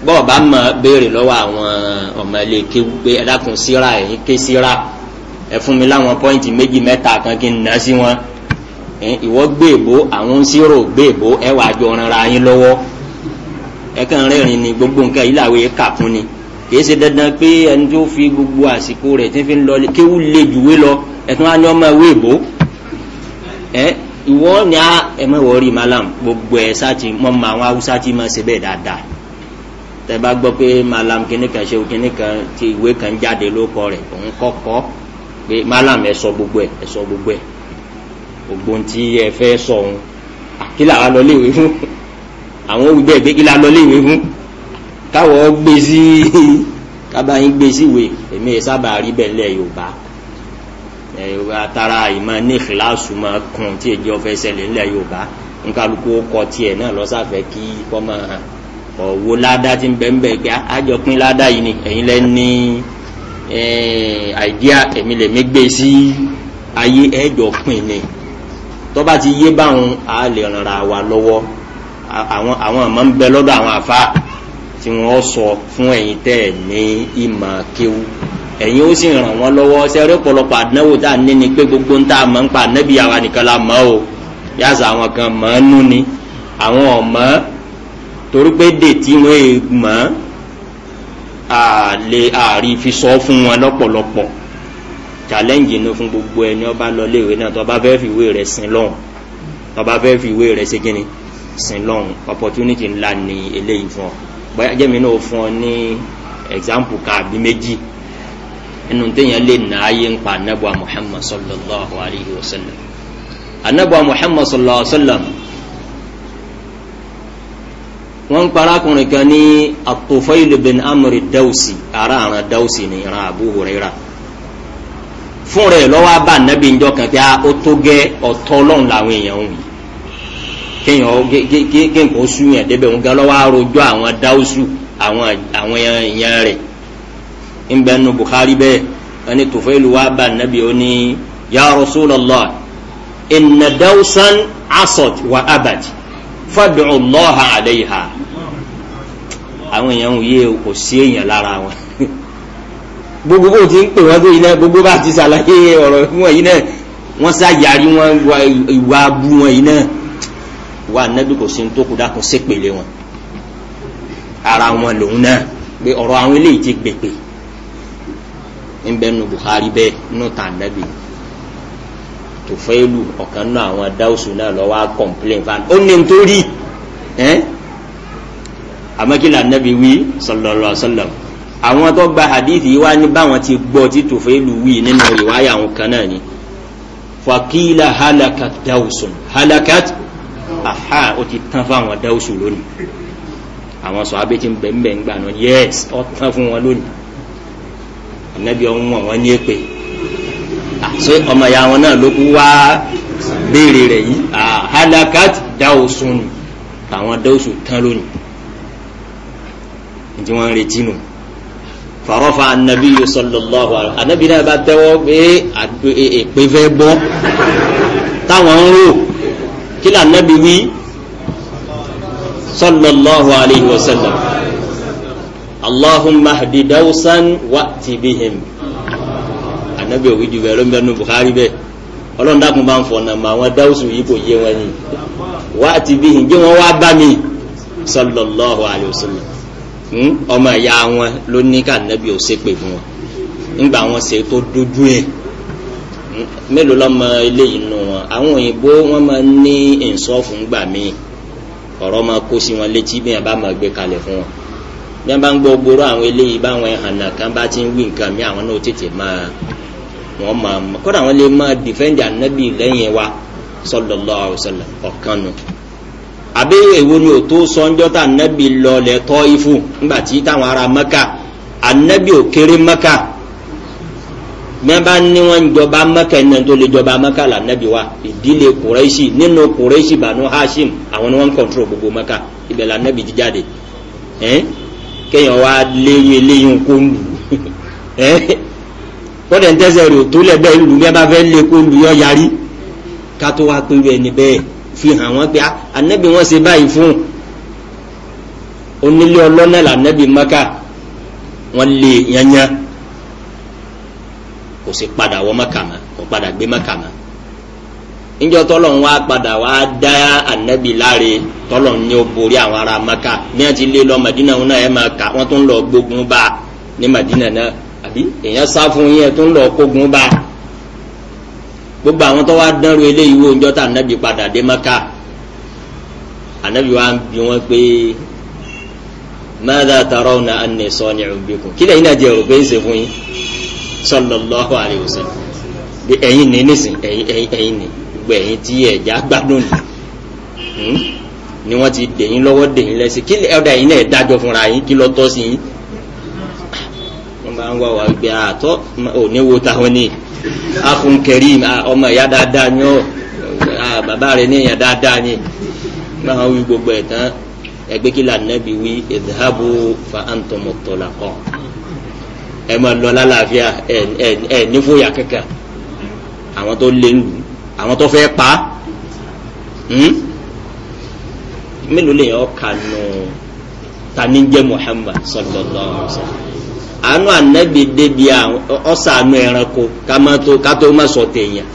bọ́ọ̀ bá mọ̀ béèrè lọ́wọ́ àwọn ọmọ ilé kéwú pé ẹ dákun síra ẹ̀yìn ké síra ẹ fún mi láwọn pọ́ìntì méjì mẹ́ta kan kí n nà sí wọn ìwọ gbé èbó àwọn sírò gbé èbó ẹ wàá jọ ranra yín lọ́wọ́ ẹ kàn rẹ́rìn ni gbogbo nǹkan yìí làwọn èèkà fún ni kìí ṣe dandan pé ẹni tó fi gbogbo àsìkò rẹ̀ tí fi ń lọ kéwú lè jùwé lọ ẹ̀tún á ní ọmọ ìwé èbó ẹ ìwọ ni ẹ mọ̀ wọ́ọ́rì malam gbogbo ẹ̀ sá ti mọ̀ mọ̀ àwọn haúsá ti mọ̀ ṣe bẹ́ẹ̀ dáadáa tẹ bá gbọ́ pé malam kìnnì kan ṣe kìnnì kan ti ìwé kan jáde lóko rẹ̀ òun kọ́kọ́ pé malam ẹ sọ gbogbo ẹ ẹ sọ gbogbo ẹ gbogbo ti ẹ fẹ́ sọ òun àkìlà wa lọ léwé fún àwọn òwú bẹ́ẹ̀ gbégilá lọ léwé fún káwọ́ gbé sí kábàáyín gbé sí ìwé èmi ẹ sábà rí bẹ́ẹ̀ lẹ́ yorùbá atara ìmọ̀ ní ìkìláàsù mọ̀ kùn tí èjì ọ̀fẹ́ ṣẹlẹ̀ ńlẹ̀ yorùbá nǹkan kọ tiẹ̀ náà lọ́sàfẹ́ kí kọ́ máa hàn ọ̀wọ́ ládá ti ń bẹ̀ ń bẹ̀ pé àjọ pín ládá yìí ni ẹ̀yin lẹ́ ní àìdíà ẹ̀mí lè mí gbé sí ayé ẹ̀jọ̀ pín ni tọ́ba ti yé báwọn a lè ràn ra wa lọ́wọ́ àwọn àwọn àmọ́ ń bẹ lọ́dọ̀ àwọn àfa tí wọ́n sọ fún ẹ̀yin tẹ́ ẹ̀ ní ìmọ̀ kéwú ẹ̀yin ó sì ràn wọ́n lọ́wọ́ sẹ́rẹ́ pọ̀lọpọ̀ àdánwò tá a ní ni pé gbogbo ń tá a mọ̀ ń pa ànábìyàwó nìkan la mọ̀ o yàtọ̀ àwọn kan mọ̀ ń nú ni àwọn ọ̀mọ́ torí pé dètí wọn è mọ́ àlè àrí fi sọ fún wọn lọ́pọ̀lọpọ̀ challenge inú fún gbogbo ẹni ọba lọlé ìwé náà tọba fẹ́ fi ìwé rẹ̀ sin lọ́hùn tọba fẹ́ fi ìwé rẹ̀ ṣe kíni sin lọ́hùn opportunity ńlá ni eléyìí fún ọ bóyá jẹ́mi náà fún ọ ní example káàbí méjì inú téèyàn lè nà á yé ń pa anabu muhammad sallallahu alayhi wa sallam anabu muhammad sallallahu alayhi wa sallam wọ́n ń parákùnrin kan ní atufayl bin amri dawsi ara àrùn dawsi ní ìran abu huraira fún rẹ̀ lọ́wọ́ abá nàbí njọ́ kan kí a ó tó gẹ́ ọ̀tọ́ ọlọ́run làwọn èèyàn ń wí kéèyàn kéèkó sùn yẹn débẹ̀ ń ga lọ́wọ́ àwọn dawsu àwọn àwọn èèyàn rẹ̀ ń nu bukhari bẹ́ẹ̀ ẹni tufayl wa abá nàbí ó ya rasulallah inna dawsan asot wa abad fadu allah alayha àwọn èèyàn ń yé kò sí èèyàn lára wọn gbogbo bó ti ń pè wọn tó yìí náà gbogbo bá ti ṣàlàyé ọ̀rọ̀ wọn yìí náà wọn ṣàyàrí wọn ìwà abu wọn yìí náà wà nábì kò sí tó kù dákun sépèlé wọn ara wọn lòun náà pé ọ̀rọ̀ àwọn eléyìí ti gbèpè nbẹnu buhari bẹẹ nù tàn nábì tòfẹ́lù ọ̀kan náà àwọn dáwùsù náà lọ́wọ́ á kọ̀ǹpilẹ̀ fún un ó ní nítorí ẹ́. Eh? amakila anabi wi sọlọlọ sọlọ àwọn tó gba hadithi wa ni báwọn ti gbọ́ ti tòfẹ́lù wi nínú ìwáyà àwọn kan náà ni fakila halakat dawson halakat aha o ti tán fáwọn dawson lónìí àwọn sọ abẹ́ ti ń bẹ̀ ń bẹ̀ ń gbà náà yẹ́s ọ tán fún wọn lónìí anabi ọ̀hún wọn wọn ní èpè àti ah, ọmọ ìyá wọn náà ló kú wá béèrè rẹ̀ yìí ah, halakat dawson làwọn dawson tán lónìí ǹjẹ́ wọ́n ń retí nù. fàrọ́fà anabi yìí sọlọ́lọ́hu anabi náà bá tẹ́wọ́ pé èpè e, e, fẹ́ bọ́ táwọn ń rò kí lè anabi wí sọlọ́lọ́hu aleyhi wa sẹlẹm. allahumma hadi dawsan wa tibihim anabi òwe jù bẹ́ẹ̀ ló ń bẹ́ẹ̀ nu buhari bẹ́ẹ̀ ọlọ́run dákun bá ń fọ̀nà mà àwọn dáwùsù yìí kò yé wọn yìí wá àti jẹ́ wọn wá bá mi sọlọ́lọ́hu aleyhi wa sẹlẹm. Hmm? ọmọ ìyá wọn ló ní ká nẹ́bí ò ṣépè fún wọn nígbà wọn ṣe tó dójú ẹ̀ hmm? mélòó lọ́mọ ilé nù wọn àwọn òyìnbó wọn máa ní ìǹsọ́ọ̀fù ńgbà míì ọ̀rọ̀ máa kó sí wọn létí bí wọn bá máa gbé kalẹ̀ fún wọn bí wọn bá ń gbọ́ àwọn eléyìí báwọn ẹ̀hànà kan bá ti ń wí nǹkan mi àwọn náà tètè máa wọn máa kódà wọn lè máa ànábì àbí èwo ni ò tó sọ tá ànábì lọlẹ̀ tọ́ ta nígbà tí táwọn ará mẹ́ka ànábì ò kéré mẹ́ka mẹ́ba ní wọ́n jọba mẹ́ka ẹ̀nà tó lè jọba mẹ́ka là wa ìdílé kùrẹ́sì nínú kùrẹ́sì bànú hashim àwọn ni wọ́n ń kọ̀ntró gbogbo mẹ́ka ibẹ̀ là ti jáde kéèyàn wá léyìn eléyìn kọ́dẹ̀ ń tẹ́sẹ̀ tó fi hàn wọ́n pé anabi ah, wọ́n ṣe báyìí fún onílé ọlọ́nà là anabi maka wọ́n lé e yanya kò sì padà wọ́n maka mọ́ kò padà gbé maka mọ́ níjọ tọ́lọ̀ ń wá padà wá dá anabi láre tọ́lọ̀ ń ní o borí àwọn ará maka bí wọ́n ti lé lọ madina wọn náà ẹ̀ máa kà wọ́n tún lọ gbógun bá ní madina náà àbí èèyàn sá fún yín tún lọ kógun bá gbogbo àwọn tó wá dánrò eléyìí wo njọ́ tá ànábì padà dé maka ànábì wa ń bi wọn pé mada tarawna anni sani'u bikum kí lẹ́yìn náà jẹ́ òpé ń ṣe fún yín sallallahu alayhi bí ẹ̀yin ní nísìn ẹ̀yin ẹ̀yin ẹ̀yin ní gbogbo ẹ̀yin tí ẹ̀já gbádùn ní hmm? ni wọ́n ti dèyìn lọ́wọ́ dèyìn lẹ́sìn kí ọ̀dà ẹ̀yin náà dájọ́ fúnra yín kí lọ́tọ́ sí yín wọ́n bá ń wá wa gbé àtọ́ òní wo táwọn ní akun karim ọmọ ìyá dáadáa ni ọ bàbá rẹ ní ìyá dáadáa ni máa wí gbogbo ẹ̀ tán ẹgbẹ́ kí lànàbí wí ìdáàbò fa àǹtọ̀mọ̀tọ̀là kan ẹ máa lọ lálàáfíà ẹ ẹ ẹ nífòyà kankan àwọn tó lé lù àwọn tó fẹ́ pa hmm? mélòó lè yàn ọ́ kà tani jẹ́ muhammad sallallahu alaihi wa àánú ànábì débi ọ̀sàánú ẹranko kátó má sọ tèèyàn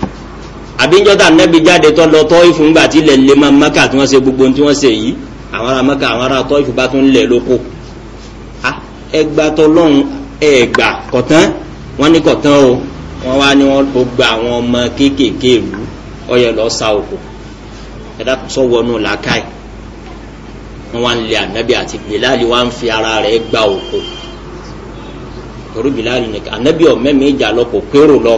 àbíjọ́tà ànábì jáde tó lọ tọ́ ìfún gbà tí ilẹ̀ lè máa mẹ́kà tí wọ́n ṣe gbogbo tí wọ́n ṣe yìí àwọn ará mẹ́kà àwọn ará tọ́ ìfún bá tún lẹ̀ lóko ẹgbà tọlọ́run ẹ̀gbà kọ̀tán wọ́n ní kọ̀tán o wọ́n wá ní wọ́n gba àwọn ọmọ kéékèèké ìlú ọyẹ lọ sa òkò ẹ̀dá sọ̀wọ́nù làákàyè wọ́n wá ń lé ànábì àti bèlálì wá fi ara rẹ̀ gba òkò torí bilali nìkan anabi ọ̀mẹ́mi ìjà lọ kò kérò lọ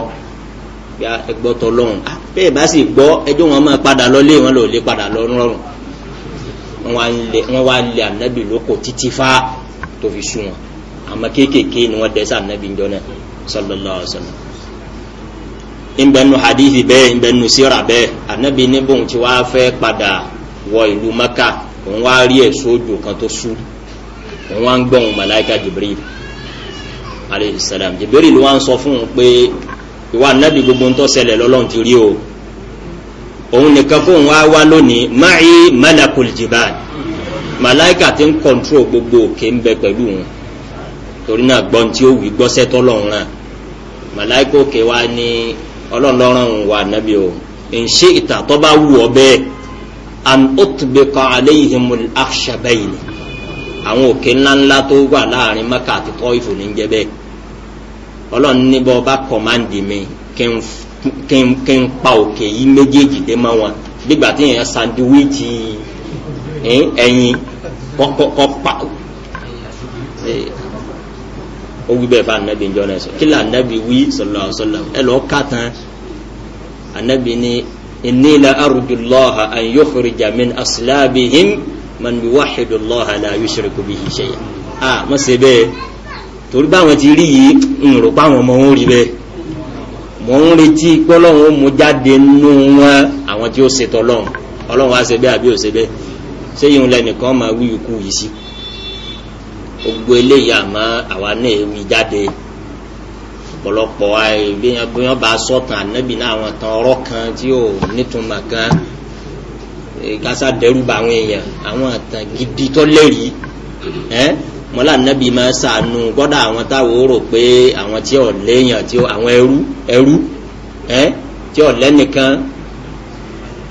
ya ẹgbọ́ tọ lọ́run ah, bẹ́ẹ̀ bá sì gbọ́ ẹjọ́ wọn máa padà lọ lé wọn lò lé padà lọ rọrùn wọn wá lé anabi lóko títí fa tó sùn wọn àmọ́ kéékèèké ni wọ́n dẹ́sẹ̀ anabi njọ́ náà sọlọ́lá ọ̀sán nbẹnu hadithi bẹẹ nbẹnu sira bẹẹ anabi ní bóun ti wá fẹ́ padà wọ ìlú maka òun wá rí èso ojú kan tó sú òun wá ń gbọ́ òun màláìka jibril aleyhi salam jìbìrì ló wá ń sọ fún un pé ìwà nábì gbogbo ń tọ́ sẹlẹ̀ lọ́lọ́run ti rí o òun nìkan kó òun wá wá lónìí máyì malakul jibal malaika ti ń kọ́ntró gbogbo òkè ń bẹ pẹ̀lú wọn torí náà gbọ́n tí ó wí gbọ́sẹ́ tọ́lọ́run rán malaika òkè wa ní ọlọ́lọ́run wa nábì o ǹṣe ìtàtọ́ bá wù ọ bẹ́ẹ̀ an ó tùbẹ̀kọ aleyhi mu aṣàbẹ̀yìn ni àwọn òkè ńláńlá tó wà láàrin maka àti tọ́ìfù ní jẹ́ bẹ́ẹ̀ ọlọ́run níbo ọba kọ̀máǹdì mi kí n pa òkè yìí méjèèjì dé mọ́ wọn gbígbà tí èèyàn sandiwíìtì ẹyin kọ́ pa ó wí bẹ́ẹ̀ fún anabi njọ́ náà sọ kí lè anabi wí sọlọ sọlọ ẹ lọ́ọ́ ká tán anabi ni inni la arujulọ́ha an yóò fori jamin asilabihim man yuwahhidu Allah la yushriku bihi shay'a a má ṣe bẹ́ẹ̀ torí báwọn ti rí yìí ń rò páwọn ọmọ wọn rí bẹ́ẹ̀ mọ̀ ń retí pọ́lọ́hún mú jáde nínú wọn àwọn tí ó ṣètò ọlọ́run ọlọ́run wá ṣe bẹ́ẹ̀ àbí ò ṣe bẹ́ẹ̀ ṣé yìí ń lẹ́nìkan wí ikú yìí sí gbogbo eléyìí àmọ́ àwa náà wí jáde ọ̀pọ̀lọpọ̀ àìbíyàn bá sọ̀tàn ànábì náà àwọn tán ọ̀rọ̀ kan tí ò nítumọ̀ kan kásá dẹrùbà àwọn èèyàn àwọn àtàn gidi tó lẹ́rìí ẹ́ mọ́lá nàbí máa sànù gbọ́dọ̀ àwọn táwọn rò pé àwọn tí ò léèyàn tí àwọn ẹrú ẹrú ẹ́ tí ò lẹ́nìkan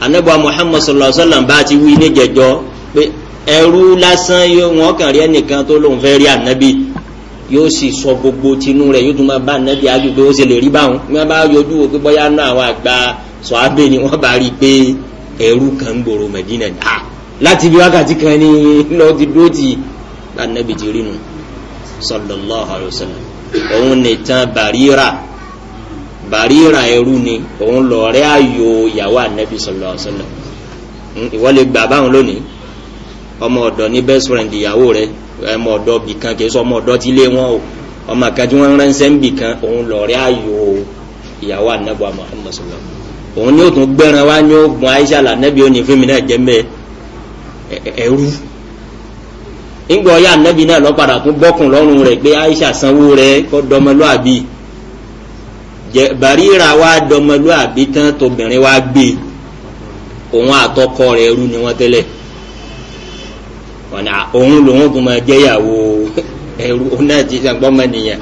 anabuwa muhammad sallallahu alaihi wa sallam bá ti wí ní jẹjọ pé ẹrú lásán yóò wọn kàn rí ẹnìkan tó lóun fẹ́ rí ànábì yóò sì sọ gbogbo tinú rẹ yóò tún máa bá ànábì àgbègbè ó sì lè rí báwọn wọn bá yọjú wo pé bóyá náà àwọn àgbà sọ abẹ ni wọn bá rí i pé ẹrú kan gbòòrò Madina dá láti bí wákàtí kan ní lọ ti dúró ti anabi ti rí nu sallallahu alayhi wa sallam òun nìtan Barira Barira ẹrú ni òun lọ̀rẹ́ ayò ìyàwó anabi sallallahu alayhi wa sallam ìwọ lè gbà báwọn lónìí ọmọ ọ̀dọ̀ ní best friend ìyàwó rẹ ọmọ ọ̀dọ̀ bì kan sọ ọmọ ọ̀dọ̀ ti lé wọn o ọmọ kan wọn ránṣẹ́ ń bì kan òun lọ̀rẹ́ ayò ìyàwó anabi sallallahu alayhi wa sallam òun ni ó tún gbẹ́ran wá ní ó gun aisha lànàbí ó ní fún mi náà jẹ́ mẹ́ ẹ̀rú nígbà ọ̀yá ànàbí náà lọ́padà tún bọ́kùn lọ́rùn rẹ̀ pé aisha sanwó rẹ̀ kọ́ dọmọlúàbí bàríra wa dọmọlúàbí tán tóbìnrin wa gbé òun àtọkọ rẹ̀ ẹ̀rú ni wọ́n tẹ́lẹ̀ ọ̀nà òun lòun tún máa jẹ́yàwó ẹ̀rú òun náà ti sàn gbọ́mọ nìyẹn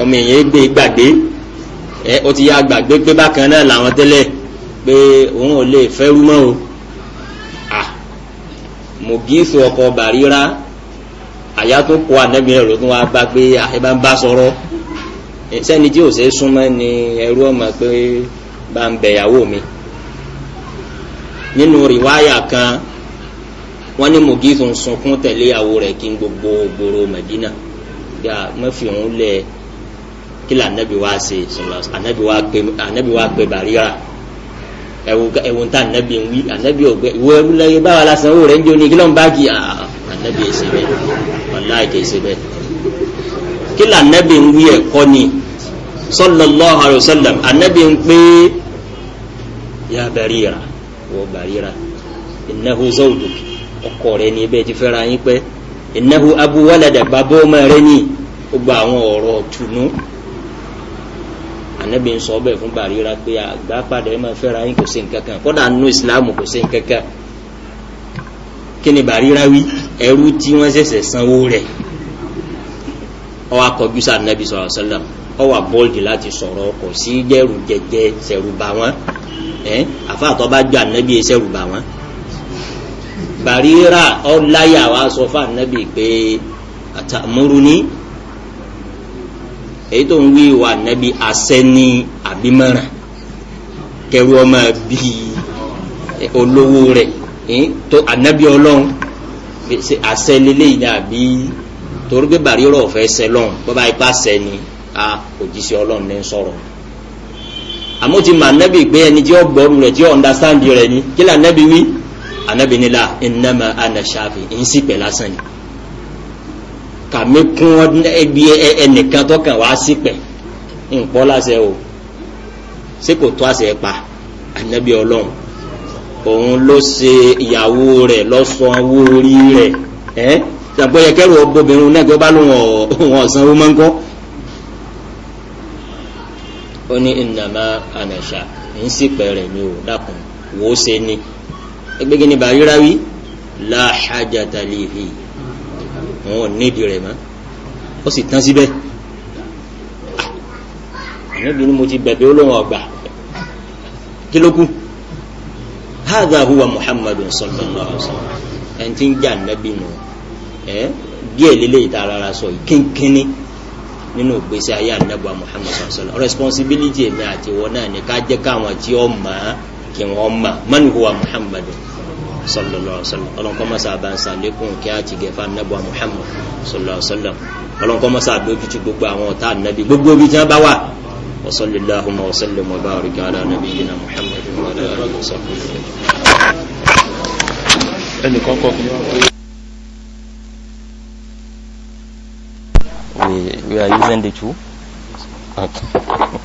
ọmọ èèyàn gbé gbàgbé ẹ ó ti yá gbàgbé pé bákan náà làwọn tẹ́lẹ̀ pé òun ò lè fẹ́rú mọ́ o mògísù ọkọ̀ bàríra àyà tó kọ ànábì rẹ̀ ló tún wáá bá pé àyẹ̀bá ń bá sọ̀rọ̀ sẹ́ni tí ò ṣe é súnmọ́ ni ẹrú ọmọ pé bá ń bẹ̀yàwó mi nínú rìwáyà kan wọ́n ní mògísù ń sunkún tẹ̀lé ìyàwó rẹ̀ kí n gbogbo gbòòrò mẹ̀dínà gbà mọ́fì òun lẹ̀ kí lànàbì wá ṣe anabi wa pe anabi wa ẹwù ẹwù ntá anabi ń wí anabi ọgbẹ ìwọ ẹrú lẹyẹ báwa ah, la sanwó rẹ ń jẹ oníkìlọ̀ ń báàgì àà anabi èsì bẹ wàláì kèsì bẹ kílà anabi ń wí ẹkọ ni sallallahu alayhi wa sallam ń pé ya barira wọ barira innahu zawduk ọkọ rẹ ni bẹẹ ti fẹ́ra yín pé innahu abu walada ọmọ rẹ ni ó gba àwọn ọ̀rọ̀ tunu anabi ń sọ ọbẹ̀ fún bàríra pé àgbà padà ẹ máa fẹ́ra yín kò sí nǹkan kan kódà nínú ìsìláàmù kò sí nǹkan kan kí ni bàríra wí ẹrú tí wọ́n ṣẹ̀ṣẹ̀ sanwó rẹ̀ ó wá kọjú sí anabi sọ̀rọ̀ sẹ́lẹ̀m ó wá bọ́ọ̀lì láti sọ̀rọ̀ kò sí jẹ́rù jẹjẹ sẹ̀rùbà wọn ẹ̀ àfàtọ́ bá ju anabi yẹn sẹ̀rùbà wọn bàríra ọ̀láyà wa sọ fún anabi pé àtàmúrú ni èyí tó ń wí wà nẹ́bi asẹ́ ní àbímọ́ràn kẹrù ọmọ bíi olówó rẹ̀ tó ànẹ́bi ọlọ́run ṣe asẹ́ lélẹ́yìí dàbí torí pé bàrí rọ̀ fẹ́ sẹ́ lọ́run bọ́bá ipá sẹ́ ni a òjíṣẹ́ ọlọ́run ní sọ̀rọ̀ àmọ́ ti mà nẹ́bi gbé ẹni tí ó gbọ́rù rẹ̀ tí ó understand rẹ̀ ni kí lànẹ́bi wí ànẹ́bi nílà ìnáma ànàṣàfi ìyín lásán ni kàmí kún ẹbí ẹnìkan tọkàn wá sí pẹ nǹkan láṣẹ o ṣé kò tó àṣẹ pa ànábì ọlọ́run òun ló ṣe ìyàwó rẹ̀ lọ́sàn owó orí rẹ̀ ẹ́ ṣàpẹ́yẹ kẹ́rù ọgbọ́bìnrin náà kí bá lóun ọ̀hún ọ̀sán owó máa ń kọ́. ó ní ìnàmá ànàṣà ń sì pẹ̀rẹ̀ ni ò dákun wò ó ṣe ni ẹgbẹ́gẹ́ ni bàrírá wí láhàjà tàlẹ́ yìí wọn ò nídìí rẹ̀ mọ́ ó sì tán síbẹ̀ ànábi ni mo ti bẹ̀bẹ̀ olóhùn ọgbà kí ló kù hadha huwa muhammadu sallallahu alaihi wa sallam ẹni tí ń jẹ́ ànábi nù ẹ díẹ̀ lélẹ́yìí tá a rárá sọ kínkínní nínú ìgbésí ayé ànábọ̀ muhammad sallallahu responsibility mi àti wọn náà ni ká jẹ́ káwọn tí ó mọ̀ kí wọ́n mọ̀ man huwa muhammadu sallallahu alaihi wasallam ọlọ́nkọ́ mọ́sá bá ń sàlékún kí á ti gẹ̀fà nẹ́bọ̀ muhammad sallallahu alaihi wasallam ọlọ́nkọ́ mọ́sá dójútì gbogbo àwọn ọ̀tá nẹ́bí gbogbo ibi tí wọ́n bá wà wasallallahu ma wasallam wa barik ala nabiyyina muhammad wa ala alihi wa sahbihi ẹnì kọ́kọ́ we are using the two okay.